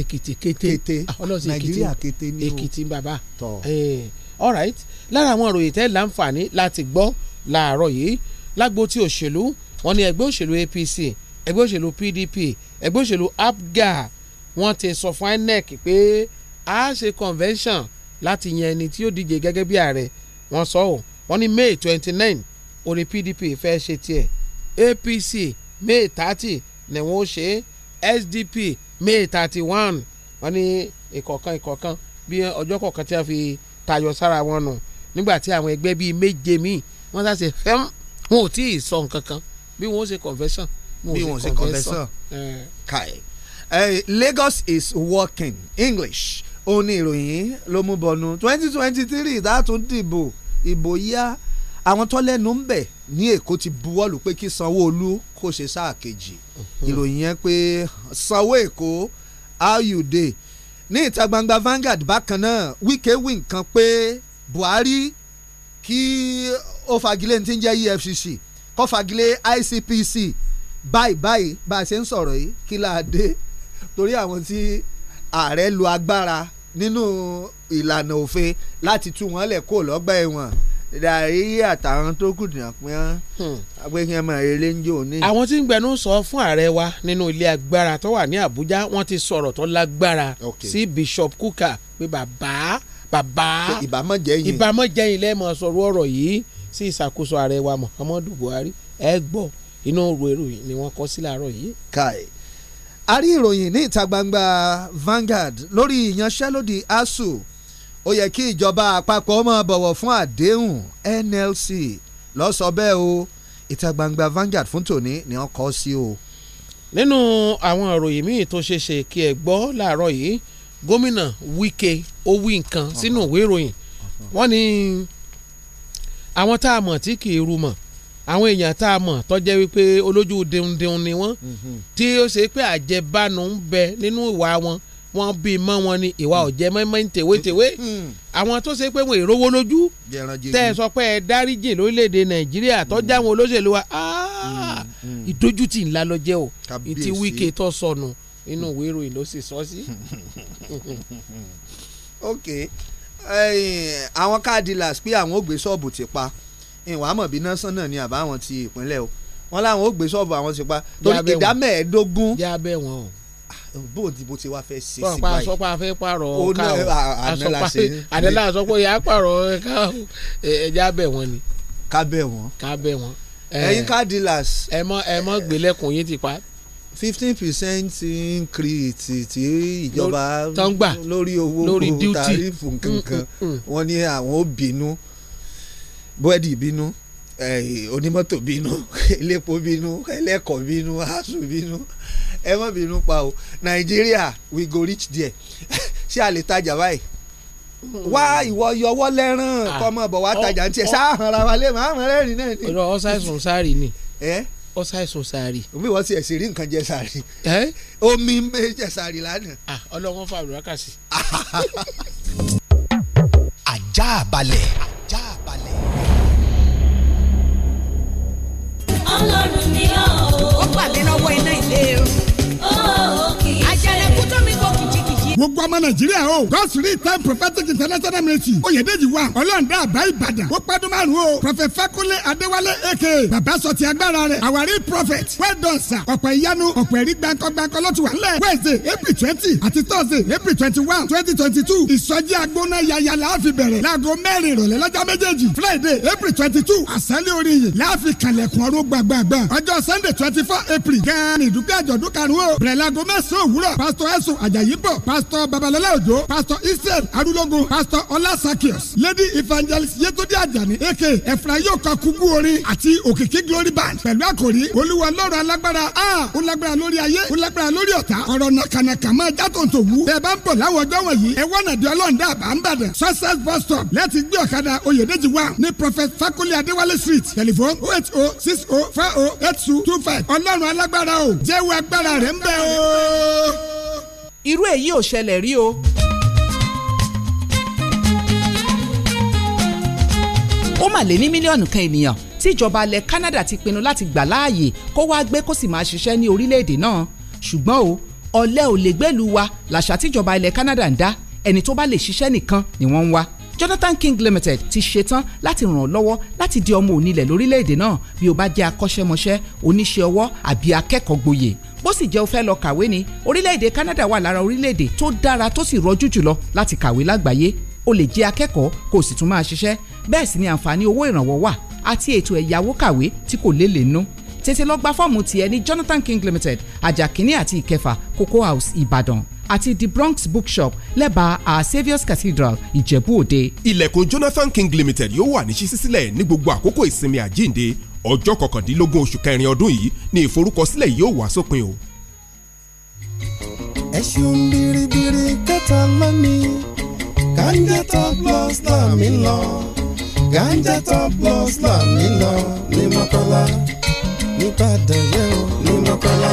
èkìtì kété ọlọ́sìn èkìtì èkìtì bàbá eh, all right lára àwọn òròyìn tẹ́ láǹfààní láti gbọ́ láàárọ̀ yìí lágbo ti òṣèlú wọn ni ẹgbẹ́ òṣèlú APC ẹgbẹ́ òṣèlú PDP ẹgbẹ́ òṣèlú APGA wọ́n ti sọ fún INEC pé a ṣe convention láti yan ẹni tí yóò díje gẹ́gẹ́ bí ààrẹ wọ́n sọ ọ́ wọ́n ní May twenty nine orí PDP fẹ́ ṣe tiẹ̀ APC May thirty ni wọ́n ó ṣe é SDP May thirty one wọ́n ní ìkọ̀kan ìkọ̀kan bí ọjọ́ kọ̀ọ̀kan tí a fi tayọ sára wọn nù nígbà tí àwọn ẹgbẹ́ bíi méje míì wọ́n ṣàṣe fẹ́m wọn ò tí ì sọ nǹkan kan bí wọ́n ṣe convention bí wọ́n ṣe convention kai Lagos is working English òun ni ìròyìn ló mú bọnu twenty twenty three ìdá tún dìbò ìbò yá àwọn tó lẹ́nu ń bẹ̀ ní èkó ti buwọ́lù pé kí sanwó-olu kó ṣe sáà kejì mhm. ìròyìn yẹn pé sanwó èkó how you dey ní ìta gbangba Vanguard bákan náà Wike wí nǹkan pé Buhari kí ó fagilé ti ń jẹ́ EFCC kó fagilé ICPC báyìí báyìí bá a ṣe ń sọ̀rọ̀ yìí kí láà dé torí àwọn tí ààrẹ lu agbára nínú ìlànà òfin láti tú wọn lẹ̀ kó lọ́gbà ẹ̀wọ̀n. E dàríyé àtàwọn tó kù dìnnà pín hmm. agbẹ́kẹ́ mọ̀ eré ń jò ní. àwọn tí ń gbẹnu sọ fún ààrẹ wa nínú ilé agbára tó wà ní Àbújá wọ́n ti sọ̀rọ̀ tó lágbára sí Bishop Kuka pé bàbá bàbá ìbámọ̀jẹ̀yìn ìbámọ̀jẹ̀yìn lẹ́ẹ̀mọ̀ sọ̀rọ̀ ọ̀rọ̀ yìí sí ìṣàkóso ààrẹ wa Muhammadu Buhari ẹ gbọ́ inú òròèrò ni wọ́n kọ sí láàárọ̀ yìí. káì a rí ìròyìn ní ìta gbangba Vanguard lórí ìyanṣẹ́lódì ASUU ó yẹ kí ìjọba àpapọ̀ máa bọ̀wọ̀ fún àdéhùn NLC ló bẹ́ẹ̀ o ìta gbangba Vanguard fún tòní ni wọ́n kọ́ sí o. nínú àwọn ìròyìn míì tó ṣeé ṣe kí ẹ gbọ́ láàárọ̀ yìí gómìnà Wike ó wí sínú ìwé ìròyìn wọ́n ní àwọn tá a mọ̀ tí kì í ru mọ̀ àwọn èèyàn tá a mọ̀ tọ́jẹ́ wípé olójú deundun ni wọ́n mhm. tí ó ṣe pé àjẹbánu ń bẹ nínú ìwà wọn. Mm -hmm wọ́n bí mọ́ wọn ni ìwà ọ̀jẹ̀ mọ́mọ́ ń tèwé tèwé hmm. àwọn tó ṣe pé wọn èrówó lójú tẹ́ ẹ sọ pé ẹ dáríjì lórílẹ̀‐èdè nàìjíríà tọ́jà hmm. wọn olóṣèlú wa ah! hmm. ìdójútì ńlá lọ o ìtì wíkẹ́ tó sọnù inú ìwé ìròyìn sì sọ sí. ok àwọn káàdì las pé àwọn ò gbé ṣọ́ọ̀bù ti pa ìwà mọ̀ bí násán náà ni àbáwọn ti ìpínlẹ̀ o wọ́n láwọn ò gbé ṣọ́ọ̀bù àwọn ti pa torí ìdá mẹ́ẹ̀ẹ́dógún bó dìbò tí wàá fẹ́ ṣe sí báyìí. pàápàá sọpá fẹ́ pààrọ̀ káwọ́ ànálà ṣe ní. ànálà sọpá yà pààrọ̀ káwọ́ ẹja bẹ̀ wọ́n ni. ká bẹ̀ wọ́n. ká bẹ̀ wọ́n. ẹyin car dealers. ẹ mọ ẹ mọ gbẹlẹkùn yín ti pa. fifteen percent increase ti ìjọba lórí owó tàrífù kankan mm, mm, mm. wọ́n ní àwọn ò bínú búrẹ́dì Eh, onímọ́tò bínú elépo bínú ẹlẹ́kọ̀ọ́ bínú asu bínú ẹ má bínú pa o nàìjíríà we go reach there ṣé a lè tajà báyìí hmm. wá ìwọ yọwọ́ lẹ́rán ah. kọ́mọ bọ̀ wá tajà ní tiẹ̀ sáàhànra wa lè máa hàn rẹ́rìn náà ni. ọ̀rọ̀ ọ̀sáìsùn sáàrì ni eh? ọ̀sáìsùn sáàrì. omi wọ́n ti ẹ̀ sì rí nǹkan jẹ sáàrì eh? omi ń bẹ jẹ sáàrì lánàá. Ah, ọlọ́wọ́n fàbùrọ̀ kà sí. ajá balẹ̀. ọlọ́run mi ò. ó gbà mí lọ́wọ́ iná ìlé o. ó kì í ṣe. àjàlẹ̀kú tó mi kò kìjì gbogbo ọmọ nàìjíríà o god's real time prophetic international ministry oyèdèjì wa ọlọ́ọ̀dẹ́ àbá ìbàdàn ó pẹ́ẹ́dún márùn o prophet fakunle adéwálé aka bàbá sọtì agbára rẹ̀ àwárí prophet well done sir ọ̀pọ̀ ìyanu ọ̀pọ̀ ẹ̀rí gbàǹkangbàǹkan ló ti wà nílẹ̀ wednesday april twenty àti thursday april twenty one twenty twenty two ìsọjí agbóná yaya la fi bẹ̀rẹ̀ láago mẹ́rin ìrọ̀lẹ́ lọ́jọ́ méjèèjì friday april twenty two àṣálẹ́ oríyìn la fi kalẹ̀kùn ọ̀rọ̀ gbàgbàgbà ọjọ́ sunday twenty four april gan-an ìdúgbò àjọ̀dún karùn-ún o bẹ̀rẹ̀ láago mẹ́sàn-án òwúrọ̀ pastor ẹ̀sùn àjàyí Pastor babalẹ́lá Ojo, Pastor israel arúlógún Pastor ọlásàkíọ̀s lady evangelist yétúndé àjàní Eke efrayo kakugu orin àti òkìkí glory band pẹ̀lú àkòrí olúwa lọ́rọ̀ alágbára a ah, ó lágbára lórí ayé ó lágbára lórí ọ̀tá ọ̀rọ̀ nàkànàkà máa já tòǹtò wú ẹ bá ń bọ̀ láwọn ọjọ́ wọ̀nyí ẹ wọ́n nàdí ọlọ́ọ̀dà àbá ń bàdàn success bus stop lẹ́ẹ̀tì gbé ọ̀kadà oyèdèjì wa ní prophet fakoli adéwálé street telephone oh eight oh six oh five oh eight two two five ọlọ́run alágbára o jẹ́wọ́ agbára rẹ̀ ń bẹ o irú èyí ò ṣẹlẹ̀ rí o. ó mà lé ní mílíọ̀nù kan ènìyàn tí ìjọba ilẹ̀ Canada ti pinnu láti gbà láàyè kó wá gbé kó sì máa ṣiṣẹ́ ní orílẹ̀-èdè náà ṣùgbọ́n o ọ̀lẹ ò lè gbẹ́lu wa làṣà tíjọba ilẹ̀ Canada ń dá ẹni tó bá lè ṣiṣẹ́ nìkan ni wọ́n ń wá Jonathan King Limited ti ṣetán láti ràn ọ́ lọ́wọ́ láti di ọmọ onílẹ̀ lórílẹ̀‐èdè náà bí o bá jẹ́ akọ́ṣẹ́mọṣẹ́ oníṣẹ́ ọwọ́ àbí akẹ́kọ̀ọ́ bó sì jẹ́ o fẹ́ lọ kàwé ni orílẹ̀-èdè Canada wà lára orílẹ̀-èdè tó dára tó sì rọjú jùlọ láti kàwé lágbàáyé o lè jẹ́ akẹ́kọ̀ọ́ kó o sì tún máa ṣiṣẹ́ bẹ́ẹ̀ sì ni àǹfààní owó ìrànwọ́ wà àti ètò ẹ̀yáwó kàwé tí kò lélẹ̀ nú tètè lọ gba fọ́ọ̀mù tiẹ̀ ní Jonathan King Limited ajakini àti ìkẹfà Cocoa House Ìbàdàn àti the Bronx Bookshop lẹ́bàá Our Saviour's Cathedral Ìjẹ̀bú Òde. Ilẹ̀kùn Jonathan King Limited yóò wà ní ṣíṣí sílẹ̀ ní gbogbo àkókò ìsinmi àjíǹde ọjọ́ kọkàndínlógún oṣù kẹrin ọdún yìí ni ìforúkọsílẹ̀ yóò wá sópin o. ẹ̀sùn bìrìbìrì kẹta lónìí ganja top plus là mí lọ ganja top plus là mí lọ ni mọ́kànlá nígbàdàn yẹn ní mọ́kànlá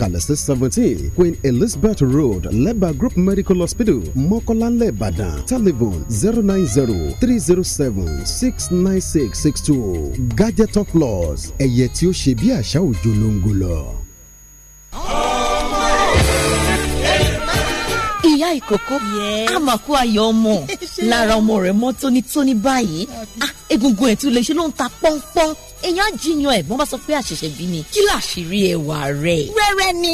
kalẹ̀ seventeen Queen Elizabeth Road Leba Group Medical Hospital Mọ́kọ́lánlẹ̀ Ìbàdàn telephone zero nine zero three zero seven six nine six six two Gadget of Laws ẹ̀yẹ tí ó ṣe bí àṣà òjò ló ń gò lọ. ìyá ìkókó àmàkù ayọ̀ ọmọ lára ọmọ rẹ̀ mọ́ tónítóní báyìí ah, egungun ẹ̀ tún lè ṣe ló ń ta pọ́npọ́n èèyàn jiyàn ẹ̀gbọ́n bá sọ pé àṣẹ̀ṣẹ̀ bí ni kí làṣírí ẹwà rẹ̀. wẹ́rẹ́ ni.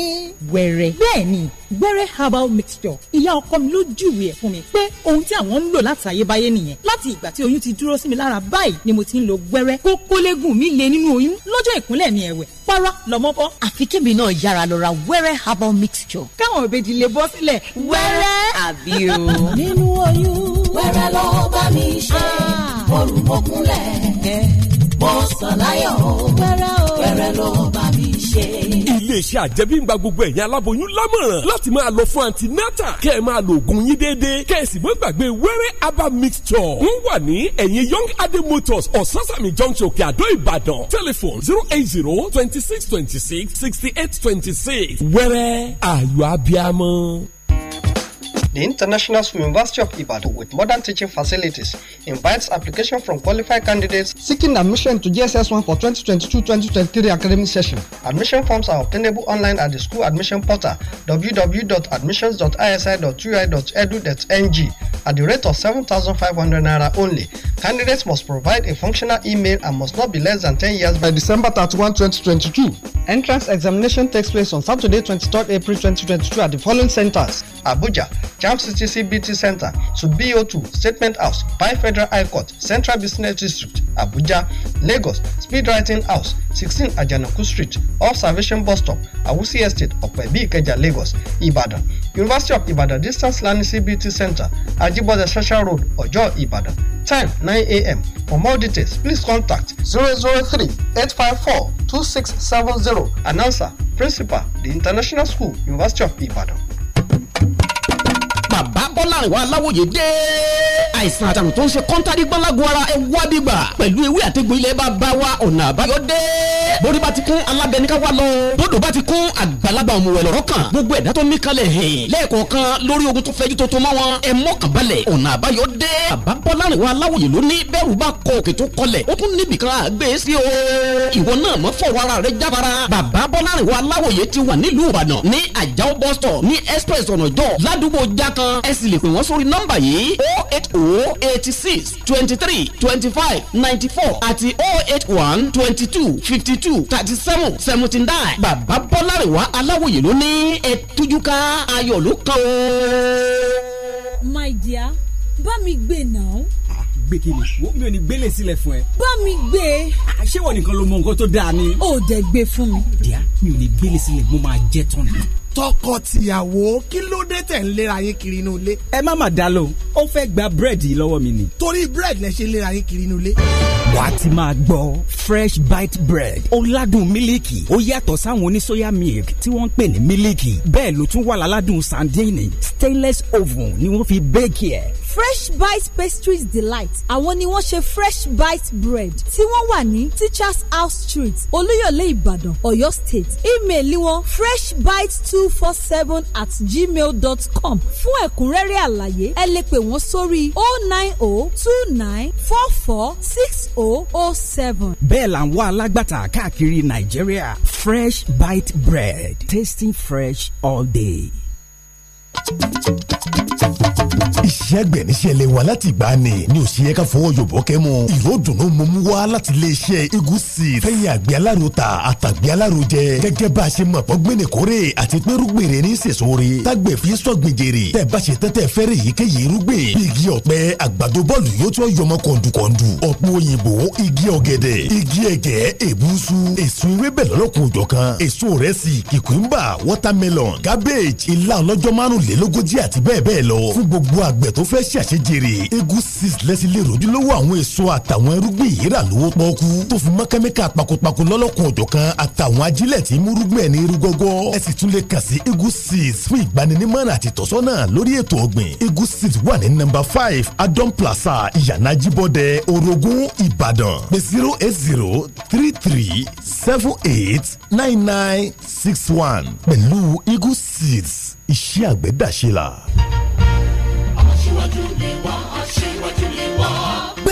wẹ́rẹ́. ni. wẹ́rẹ́ herbal mixture ìyá ọkọ mi ló júwe ẹ̀ fún mi pé ohun tí àwọn ń lò láti ayébáyé nìyẹn láti ìgbà tí oyún ti dúró sí mi lára báyìí ni mo ti ń lo wẹ́rẹ́ kókólégùn mi lè nínú oyún lọ́jọ́ ìkúnlẹ̀ mi ẹ̀wẹ̀ para lọ́mọ bọ́. àfi kébì náà yára lọ ra wẹ́rẹ́ herbal mixture. káwọn òbejì lè bọ́ sílẹ̀ wẹ́rẹ́. àbí o. nínú oyún wẹ́rẹ́ lọ́ọ́ bá mi ṣe ah. mo rù mọ́kúnlẹ̀ mo sọ láyọ̀ o pẹrẹ o pẹrẹ ló bá mi ṣe. iléeṣẹ́ àjẹmíngba gbogbo ẹ̀yin aláboyún lámọ̀ràn láti máa lọ fún antinata kẹ́ ẹ̀ máa lo oògùn yín déédéé kẹ́ ẹ̀ sì mọ́ gbàgbé wẹ́rẹ́ herbal mixture wọ́n wà ní ẹ̀yìn young adé motors ososami junction kíadó ìbàdàn telephone zero eight zero twenty six twenty six sixty eight twenty six wẹ́rẹ́ ayọ̀ abiamọ. The International School, University of Ibadan with modern teaching facilities invites application from qualified candidates seeking admission to GSS1 for 2022-2023 academic session. Admission forms are obtainable online at the school admission portal www.admissions.isi.ui.edu.ng at the rate of 7,500 naira only Candidates must provide a functional email and must not be less than ten years by December 31, 2022. Entrance examination takes place on Saturday, 23rd April 2022 at the following centers Abuja, Jam City CBT Center, Bo 2 Statement House, Pi Federal High Court, Central Business District, Abuja, Lagos, Speed Writing House, 16 Ajanaku Street, Observation Bus Stop, Awusi Estate, Opebi Ikeja, Lagos, Ibadan. University of Ibadan Distance Learning CBT Center, Ajibode Social Road, Ojo, Ibadan. Time 9 a.m. For more details, please contact 003-854-2670. Announcer, Principal, The International School, University of Ibadan ọlárìnwá aláwòye dé. àìsàn àtàrùn tó ń ṣe kọ́ńtàdì gbọ́lágun ara ẹ wá bíbà pẹ̀lú ewé àtẹ̀gùn ilẹ̀ bàbá wa ọ̀nà àbáyọ dé. borí bá ti kún alábẹ́níká wa lọ. bódò bá ti kún àgbàlagbà ọ̀mùwẹ̀ lọ́rọ́ kan. gbogbo ẹ̀dá tó mí kalẹ̀ hìn. lẹ́ẹ̀kọ̀ọ̀kan lórí ogun tó fẹ́jú tuntun mọ́ wọn. ẹ mọ́kàn balẹ̀ ọ̀nà àbáyọ dé. bàbá bọ́lárìnwá aláwòye ló ní bẹ́rù bá kọ òkè tó kọlẹ̀ ó tún níbì kan àgbẹ̀ sí express ọ̀nà jọ ládùúgbò jákan lè pè wọ́n sórí nọ́mbà yìí o oh eight o oh eighty six twenty three twenty five ninety four àti o oh eight one twenty two fifty two thirty seven seventy nine. bàbá bọ́lárẹ̀wá aláwòye ló ní ẹ tújú ká ayọ̀ ló kàn ó. my dear bá mi gbé náà ah, gbé kiri wo mi ò ní gbélé sílẹ̀ fún ẹ. bá mi gbé. Ah, ṣé wọn nìkan ló mọ nǹkan tó dáa ni. ó dẹ gbé fún mi. díà mi ò ní gbélé sílẹ̀ mo máa jẹ́ tán ni tọkọ-tìyàwó kí ló dé tẹ̀ ń léra yín kiri inú ilé. ẹ má mà dá ó fẹ́ gba búrẹ́dì lọ́wọ́ mi ni. torí búrẹ́dì lẹ ṣe léra yín kiri inú ilé. wà á ti máa gbọ́ fresh bite bread ó ládùn mílíkì ó yàtọ̀ sáwọn oníṣòyà milk tí wọ́n ń pè ní mílíkì bẹ́ẹ̀ ló tún wà láládùn sandini stainless oven ni wọ́n fi bẹ́ẹ̀kì ẹ̀ fresh bite pastries delight àwọn ni wọ́n ṣe fresh bite bread tí wọ́n wà ní teachers house street olúyọ̀lé ìbàdàn ọ̀yọ́ state ímeèlì wọn freshbite two four seven at gmail dot com fún ẹ̀kúnrẹ́rẹ́ àlàyé ẹ lè pè wọ́n sórí oh nine oh two nine four four six oh oh seven. bẹ́ẹ̀ là ń wá alágbàtà káàkiri nàìjíríà fresh bite bread tasting fresh all day iṣẹ́ àgbẹ̀ níṣẹ́ lè wà láti gbà ni ni ò sì yẹ ká fọwọ́ yòbọ̀ kẹ́ mu ìró dùnú mo mú wá láti lè ṣe igun seed fẹ́yìn àgbẹ̀ aláró ta àtàgbẹ̀ aláró jẹ gẹ́gẹ́ bá a ṣe mọ̀ pọ́gbẹ́ni kórè àti pé rúgbìnrin ní sèṣore tágbẹ̀ fi sọ̀gbìn jèrè tẹ̀ bá ṣe tẹ́tẹ̀ fẹ́rẹ̀ yìí kéyìí rúgbìn bí igi ọ̀pẹ àgbàdo bọ́ọ̀lù yóò tún yọmọ kọ̀ǹdùkọ̀ǹdù ọ̀pọ̀ òyìnbó igi ọ̀gẹ̀dẹ̀ igi ẹ̀gẹ́ èbúsú èso ewébẹ̀ lọ́lọ́kun òjọ̀kan èso rẹ̀ sì watermelon cabbage ilá ọlọ́jọ́ márùnlélógójì àti bẹ́ẹ̀ àgbẹ̀ tó fẹ́ ṣàṣejèrè egu six lẹ́sílẹ̀ rojú lọ́wọ́ àwọn èso àtàwọn irúgbìn yìí rà lówó pọ́ọ́kú tó fi mọ́ kẹ́míkà pakopako lọ́lọ́kun òjọ̀kan àtàwọn ajílẹ̀ tí mú irúgbìn ẹni irúgọ́gọ́ ẹ sì tún lè kàn sí egu six fún ìgbaninímọ̀ràn àti ìtọ́sọ́nà lórí ètò ọ̀gbìn egu six wà ní nọ́mbà five adon plaza ìyànàjibọ̀dẹ orogun ìbàdàn pé zero eight zero three three seven eight nine nine six one pẹ̀lú egu six iṣẹ́ àgbẹ̀ dàṣe la. Something.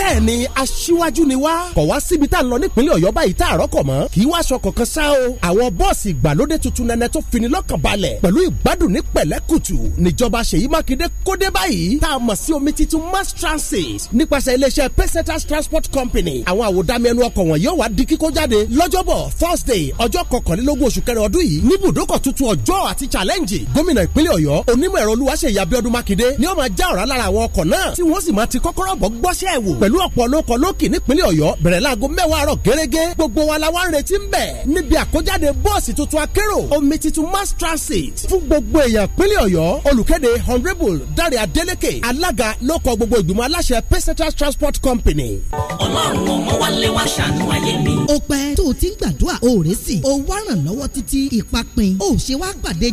bẹ́ẹ̀ni aṣíwájú ni wá kọ̀ wá síbi tá a lọ nípínlẹ̀ Ọ̀yọ́ báyìí tá a rọ́kọ̀ mọ́ kì í wá aṣọ kankan ṣá o àwọn bọ́ọ̀sì ìgbàlódé tuntun nẹnẹ tó fini lọ́kàn balẹ̀ pẹ̀lú ìgbádùn ní pẹ̀lẹ́kùtù níjọba Ṣèyí Mákindé kódé báyìí tá a mọ̀ sí omi titun mass transit nípasẹ̀ iléeṣẹ́ pesetas transport company àwọn àwòdàmì ẹnu ọkọ̀ wọn yóò wá di kíkó jáde lọ́jọ́bọ̀ Thursday ọjọ́ kọkànlélógún oṣù kẹrin ọdún yìí ní ibùdókọ̀ tuntun ọjọ́ àti challenge gómìnà ìpínlẹ̀ ni ó máa já ọ̀rá lára àwọn ọkọ̀ náà tí wọ́n sì máa ti kọ́kọ́rọ́ bọ́ gbọ́ṣẹ́ wò pẹ̀lú pẹ̀lú ọ̀pọ̀ olóko lókì nípínlẹ̀ ọ̀yọ́ bẹ̀rẹ̀ láago mẹ́wàá àárọ̀ gẹ́gẹ́ gbogbo wa la wá ń retí ń bẹ̀ níbi àkójáde bọ́ọ̀sì tuntun akérò omi titun mass transit fún gbogbo èèyàn pínlẹ̀ ọ̀yọ́ olùkéde honourable dáre adélèké alága ló kọ gbogbo ìgbìmọ̀ aláṣẹ pesentras transport company. ọlọ́run ọmọ wálé wá ṣàánú ayé mi. ó pẹ́ tó o ti ń gbàdúrà òòrè sí i ó wá ràn lọ́wọ́ títí ìpapin ó ṣe wá pàdé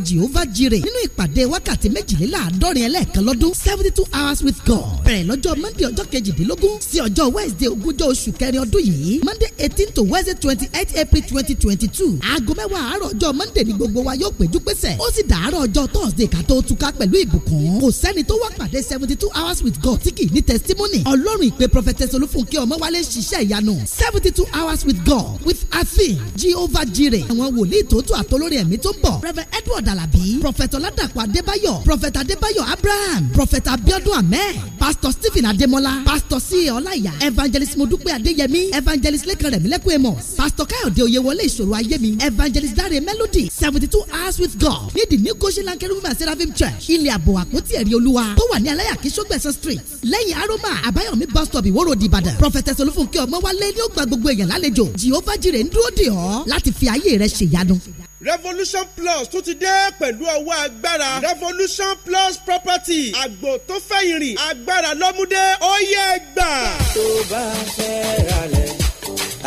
seventy two hours with God bẹ̀rẹ̀ lọ́jọ́ monday ọjọ́ kejìdínlógún sí ọjọ́ wednesday ogúnjọ́ oṣù kẹrin ọdún yìí monday eighteen to wednesday twenty eight april twenty twenty two aago mẹ́wàá àárọ̀ ọjọ́ monday ni gbogbo wa yóò péjú pésẹ̀ ó sì dàárọ̀ ọjọ́ thursday ká tó túká pẹ̀lú ìbùkún kò sẹ́ni tó wá pàdé seventy two hours with god tí kì í ní testimony ọlọ́run ìpè prophetess olúfúnkẹ́ ọmọwálé ṣiṣẹ́ ìyanu seventy two hours with god with afin jehovah jireh àwọn wòlíì tó tún àtolórí ẹ̀mí tó ń bọ̀ reverend edward alabi prophet ọládàpọ̀ adébáyọ̀ prophet adébáyọ̀ abraham prophet abiodun ahmed pastor stephen adémọlá pastor c ọláìyá evangelist modupe adéyẹmí evangelist lẹ́kan rẹ̀ mílẹ́kùn amos pastor káyọ̀dé oyèwọlé ìṣòro ayé mi evangelist Dare melody seventy two hours with god ní the new goshen land kérúbù and seraphim church ilẹ̀ àbò àpótí ẹ̀rí olúwa tó wà ní aláyàkí sọ́gbẹ̀sán street lẹ́yìn aroma àbáyọ̀mí bus stop ìwóró ìbàdàn prophetess olúfúnkẹ́ ọmọwálé ni ó gba gbogbo èèyàn lálejò jehovah jireh ń dúró dè ọ́ láti fi ayé rẹ̀ ṣèyanu revolution plus tún ti dé pẹ̀lú ọwọ́ agbára revolution plus property àgbò tó fẹ̀yìn rìn agbára lọ́múdé ó yẹ gbà. tó bá fẹ́ ralẹ̀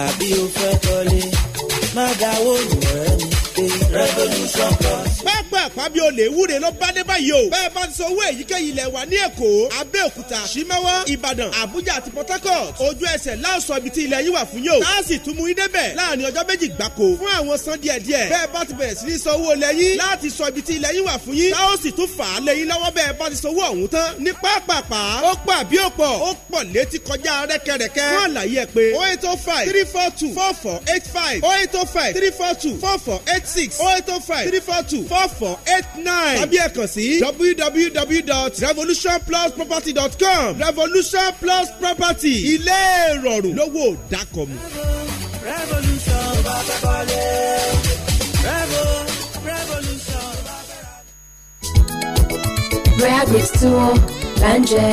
àbí o fẹ́ kọ́lé má dáwọ́ lù ẹ́ ní revolution plus àpábí olè wúre ló bá dé báyìí o. bẹ́ẹ̀ bá ti sọ owó èyíkéyìí ilẹ̀ wà ní èkó abẹ́òkúta simawa ìbàdàn àbújá àti port harcourt ojú ẹsẹ̀ láòsọ ibi tí ilẹ̀ yín wà fún yóò. láàsì tún yín débẹ̀ láàrin ọjọ́ méjì gbáko fún àwọn san díẹ̀ díẹ̀. bẹ́ẹ̀ bá ti bẹ̀rẹ̀ sí ní sọ owó ilẹ̀ yín láti sọ ibi tí ilẹ̀ yín wà fún yín. láòsì tún fà á lẹ́yìn lọ́wọ́ bẹ́ẹ̀ bá ti sọ owó oh three four two four four eight five eight nine tàbí ẹ sí www.revolutionplusproperty.com revolution plus property ilé ìrọ̀rùn lówó dákọ̀mù. revolution revolution. bóyá grits tí wọ́n là ń jẹ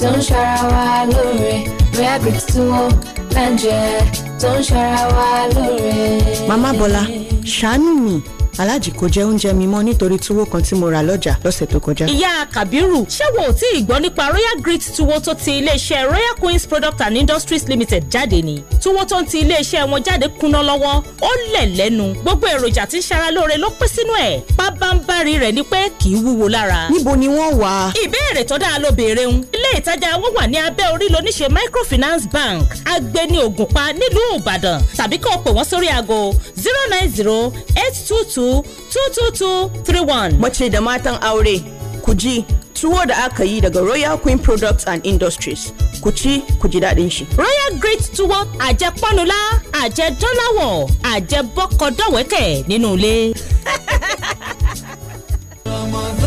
tó ń ṣara wa lóore bóyá grits tí wọ́n là ń jẹ tó ń ṣara wa lóore. màmá bọ́lá ṣàánú mi aláàjì kò jẹ oúnjẹ mi mọ́ nítorí túwó kan tí mo rà lọ́jà lọ́sẹ̀ tó kọjá. ìyá kàbírù ṣé wo ò tí ì gbọ́ nípa royal grit tuwo tó ti iléeṣẹ́ royal queens product and industries limited jáde ni tuwo tó ń ti iléeṣẹ́ wọn jáde kuná lọ́wọ́ ó lẹ̀ lẹ́nu gbogbo èròjà tí ń ṣara lóore ló pé sínú ẹ̀ pábánbárì rẹ̀ ni pé kì í wúwo lára. níbo ni wọ́n wà. ìbéèrè tó dáa ló béèrè ń ilé ìtajà wọn wà ní abẹ́ orí lóníṣe microfinance bank agbeni ògùnpá nílùú ìbàdàn tàbí kó o wọ́n sórí aago zero nine zero eight two two two two two three one. Mace da matan aure ku ji tuwo da aka yi daga Royal Queen Products and Industries. Ku ci ku ji daɗin shi. Royal Great Tuwo aje Pọ́nulá, aje Dọ́láwọ̀, àjẹ Bọ́kọ Dọ̀wẹ́kẹ̀ nínú ilé.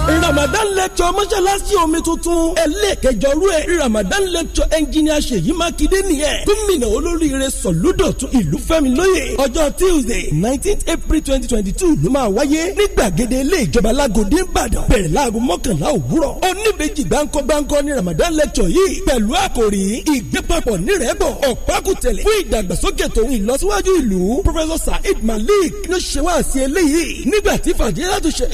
Ramadan lecture mọ́ṣáláṣí omi tuntun ẹlẹ́ẹ̀kẹjọ rú ẹ̀ Ramadan lecture engineer Ṣèyí Mákindé nìyẹn gómìnà olóríire sọ̀lúdọ̀tún ìlú Fẹ́mi lóye ọjọ́ Tuesday nineteen April twenty twenty two ló máa wáyé ní gbàgede ilé ìjọba Lágòdì Ìbàdàn bẹ̀rẹ̀ láago mọ́kànlá òwúrọ̀ oníbejì gbáǹkọ́ gbáǹkọ́ ní Ramadan lecture yìí pẹ̀lú àkòrí ìgbépapọ̀ nírẹ́bọ̀ ọ̀pákùtẹ̀lẹ̀ fún ìdàgbàsókè tòun ìlọsíwájú ìlú Professor Saheed Malik ló ṣe wá sí eléyìí nígbà tí fàdíyà tó ṣe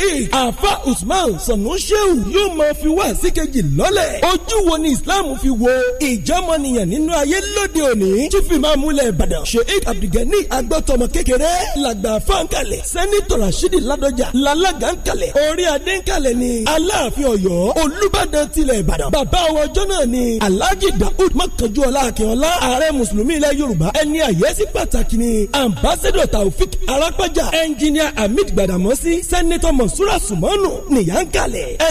Usman Sànúṣẹ́ù yóò máa fi wá síkejì lọ́lẹ̀. Ojú wo ni Ìsìláàmù fi wo ìjọmọnìyàn nínú ayé lóde òní? Chief Imam ilẹ̀ Ìbàdàn Sheikh Abdulgani Agbọ́tọ̀mọ kékeré làgbà fáńkalẹ̀ Sẹ́nitọ̀ Rashidi Ládọjà làlágà ń kalẹ̀ orí adé ń kalẹ̀ ni Aláàfin Ọ̀yọ́ Olúbàdàn tilẹ̀ Ìbàdàn. Bàbá wa ọjọ́ náà ni Alhaji Daoud Makanju Ọlá Akínọlá ààrẹ Mùsùlùmí ilẹ̀ Yorùbá ẹni àyẹ́sí pàtàkì ni Ambassador Taofik Arápájà Engineer Hamid Gbàdàmọ́sí Sẹ́nitọ̀ Mọ̀súrà Sùmọ́nù nìyà ń kalẹ̀. ẹ